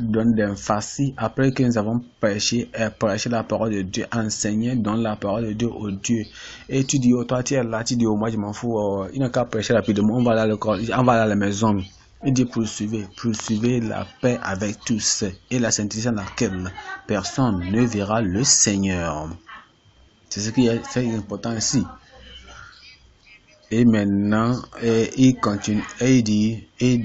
donné d'emphasis, après que nous avons prêché, euh, prêché la parole de Dieu, enseigné, dans la parole de Dieu au Dieu. Et tu dis, oh, toi, tu es là, tu dis, oh, moi, je m'en fous, il oh, il n'a qu'à prêcher rapidement, on va là, on va aller à la maison. Il dit poursuivez, poursuivez la paix avec tous et la sainteté dans laquelle personne ne verra le Seigneur. C'est ce qui est très important ici. Et maintenant, et il continue, il dit, il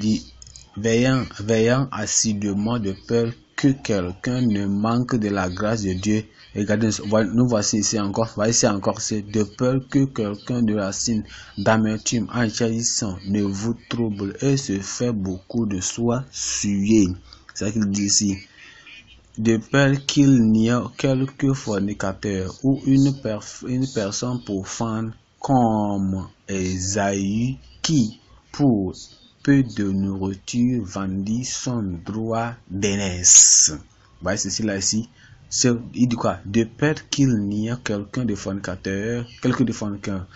veillant, veillant assidûment de peur que quelqu'un ne manque de la grâce de Dieu Regardez, nous voici ici encore, voici encore, c'est de peur que quelqu'un de la racine d'amertume en jaillissant ne vous trouble et se fait beaucoup de soi suyer. C'est ce qu'il dit ici. De peur qu'il n'y ait quelque fornicateur ou une, une personne profane comme Esaïe qui, pour peu de nourriture, vendit son droit d'aînesse. Voyez ceci là ici il dit quoi De peur qu'il n'y ait quelqu'un de fornicateur, quelqu'un de fornicateur,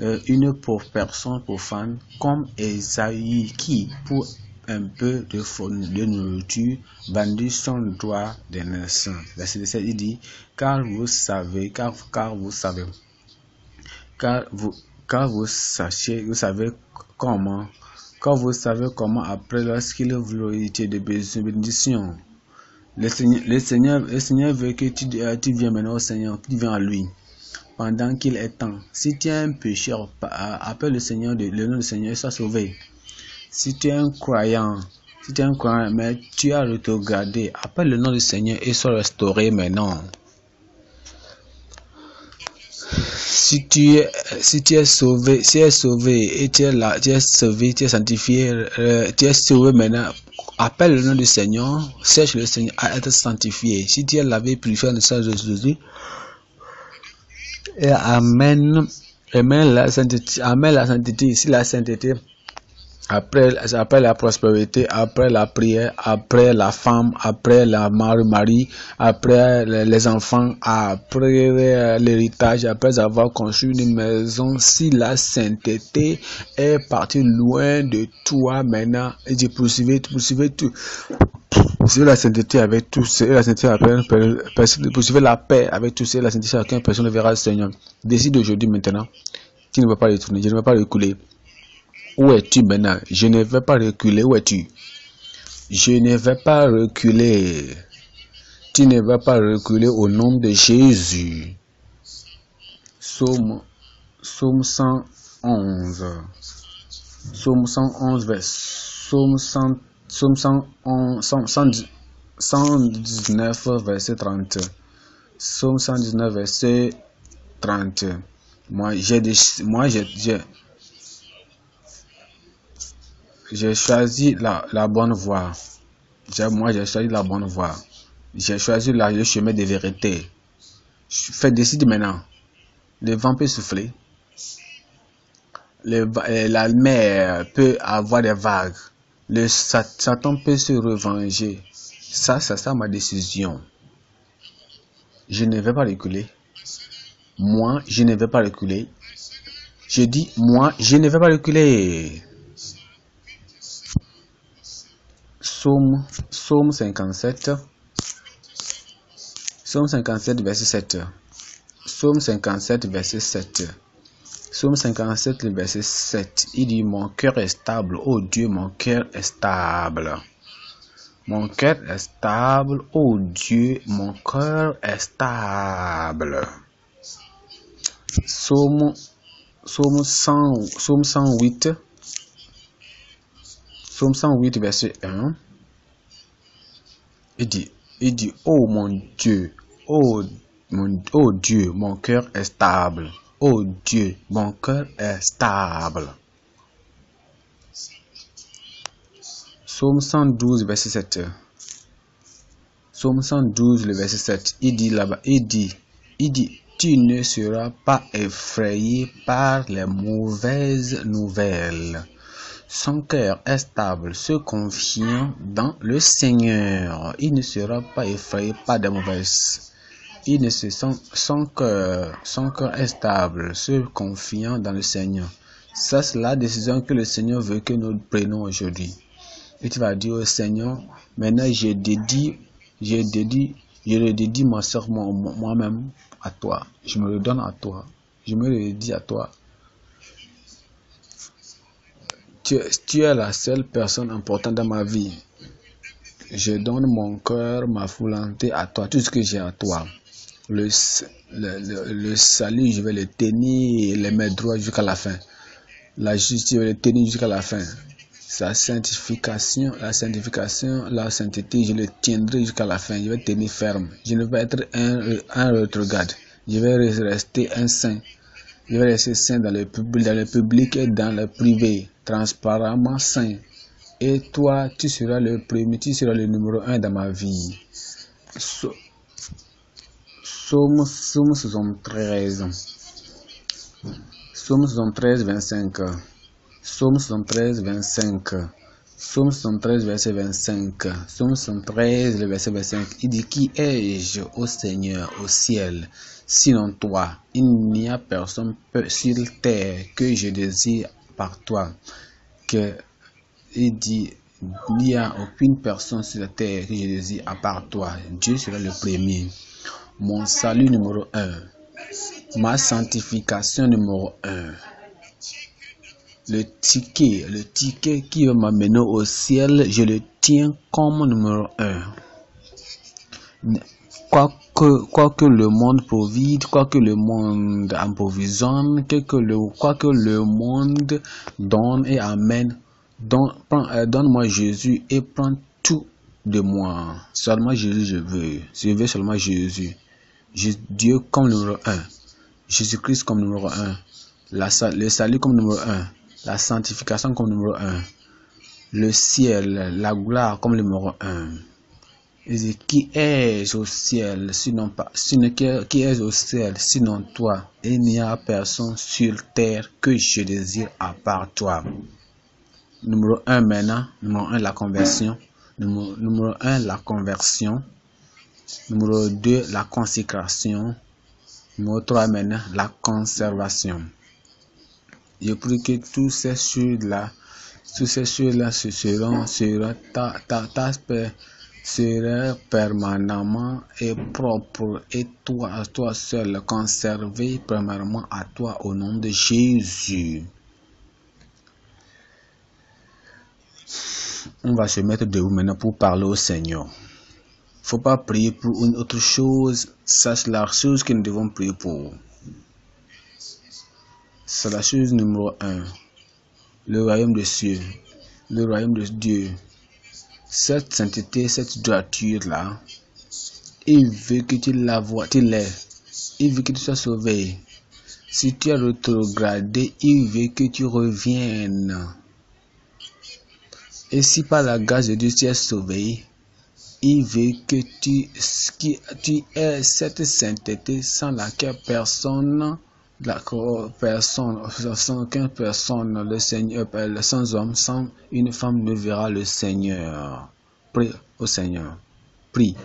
euh, une pauvre personne profane, comme Esaïe qui, pour un peu de, nourriture, bandit son droit de naissance. Verset 17, il dit Car vous savez, car, vous savez, car vous, car vous sachez, vous savez comment, car vous savez comment après lorsqu'il vous été de bénédiction le Seigneur, le Seigneur, veut que euh, tu, viennes maintenant au Seigneur, tu viennes à lui pendant qu'il est temps. Si tu es un pécheur, euh, appelle le Seigneur, le nom du Seigneur, sois sauvé. Si tu es un croyant, si tu es un croyant, mais tu as retrogradé, appelle le nom du Seigneur et sois restauré maintenant. Si tu, es, si tu es sauvé, si tu es sauvé et tu es là, tu es sauvé, tu es sanctifié, euh, tu es sauvé maintenant, Appelle le nom du Seigneur, cherche le Seigneur à être sanctifié. Si Dieu l'avait pu faire le sang de Jésus, et amène, la sainteté, amène la sainteté. Si la sainteté après, après la prospérité, après la prière, après la femme, après la mari, après les enfants, après l'héritage, après avoir construit une maison, si la sainteté est partie loin de toi maintenant, et de poursuivez, poursuivais tout. Poursuivez la sainteté avec tous, la sainteté poursuivez la paix avec tous, la sainteté chacun, personne ne verra le Seigneur. Décide aujourd'hui maintenant, tu ne vas pas le tourner, je ne vais pas le couler. Où es-tu maintenant Je ne vais pas reculer. Où es-tu Je ne vais pas reculer. Tu ne vas pas reculer au nom de Jésus. Somme 111. Somme 111, vers, 111, Somme 119, verset 30. Somme 119, verset 30. Moi, j'ai, moi, j'ai, j'ai choisi la, bonne voie. Moi, j'ai choisi la bonne voie. J'ai choisi le chemin de vérité. Fais décide maintenant. Le vent peut souffler. Euh, la mer peut avoir des vagues. Le Satan peut se revenger. Ça, ça, ça ma décision. Je ne vais pas reculer. Moi, je ne vais pas reculer. Je dis, moi, je ne vais pas reculer. Psaume, psaume 57. Psaume 57, verset 7. Psaume 57, verset 7. Psaume 57, verset 7. Il dit, mon cœur est stable. Oh Dieu, mon cœur est stable. Mon cœur est stable. Oh Dieu, mon cœur est stable. Psaume, psaume, 100, psaume 108. Psaume 108, verset 1. Il dit, il dit, oh mon Dieu, oh mon, oh Dieu, mon cœur est stable. Oh Dieu, mon cœur est stable. Psaume 112, verset 7. Psaume 112, le verset 7. Il dit là-bas, il dit, il dit, tu ne seras pas effrayé par les mauvaises nouvelles. Son cœur est stable, se confiant dans le Seigneur. Il ne sera pas effrayé pas de mauvaise Il ne son cœur, son est stable, se confiant dans le Seigneur. Ça, c'est la décision que le Seigneur veut que nous prenions aujourd'hui. Et tu vas dire au Seigneur, maintenant je dédie, je dédie, je le dédie moi-même à toi. Je me le donne à toi. Je me le dis à toi. tu, es la seule personne importante dans ma vie. Je donne mon cœur, ma volonté à toi, tout ce que j'ai à toi. Le, salut, je vais le tenir et le mettre droit jusqu'à la fin. La justice, je vais le tenir jusqu'à la fin. Sa sanctification, la sanctification, la sainteté, je le tiendrai jusqu'à la fin. Je vais tenir ferme. Je ne vais pas être un, un retrograde. Je vais rester un saint. Je vais rester saint dans le, public, dans le public et dans le privé transparentement saint. Et toi, tu seras le premier, tu seras le numéro un dans ma vie. Somme, 13. 73. Somme 73, 25. Somme 13, 25. Somme 13, verset 25. Somme 13, verset 25. Il dit, Qui ai-je, au Seigneur, au ciel, sinon toi Il n'y a personne sur terre que je désire par toi, que il dit, il n'y a aucune personne sur la terre que je désire à part toi. Dieu sera le premier. Mon salut numéro un. Ma sanctification numéro un. Le ticket, le ticket qui va m'amener au ciel, je le tiens comme numéro un. Quoi quoi que le monde provide, quoi que le monde improvisionne, que, que le, quoi que le monde donne et amène, euh, donne-moi Jésus et prends tout de moi. Seulement Jésus, je veux. Je veux seulement Jésus. Dieu comme numéro un. Jésus-Christ comme numéro un. La, le salut comme numéro un. La sanctification comme numéro un. Le ciel, la gloire comme numéro un qui est au ciel, sinon pas, sinon, qui est au ciel, sinon toi. Il n'y a personne sur terre que je désire à part toi. Numéro 1 maintenant, numéro 1 la conversion. Numéro, numéro 1 la conversion. Numéro 2 la consécration. Numéro 3 maintenant la conservation. Je prie que tous ces sujets là tous ces sujets là seront, seront ta, ta, ta, ta serait permanemment et propre et toi à toi seul conservé premièrement à toi au nom de Jésus. On va se mettre debout maintenant pour parler au Seigneur. Faut pas prier pour une autre chose, ça c'est la chose que nous devons prier pour. C'est la chose numéro un. Le royaume des cieux, le royaume de Dieu, cette sainteté, cette droiture-là, il veut que tu la vois, tu l'aies. Il veut que tu sois sauvé. Si tu es retrogradé, il veut que tu reviennes. Et si par la grâce de Dieu tu es sauvé, il veut que tu, que tu aies cette sainteté sans laquelle personne la personne, sans personnes, personne, le Seigneur, sans homme, sans une femme ne verra le Seigneur. Prie au Seigneur. Prie.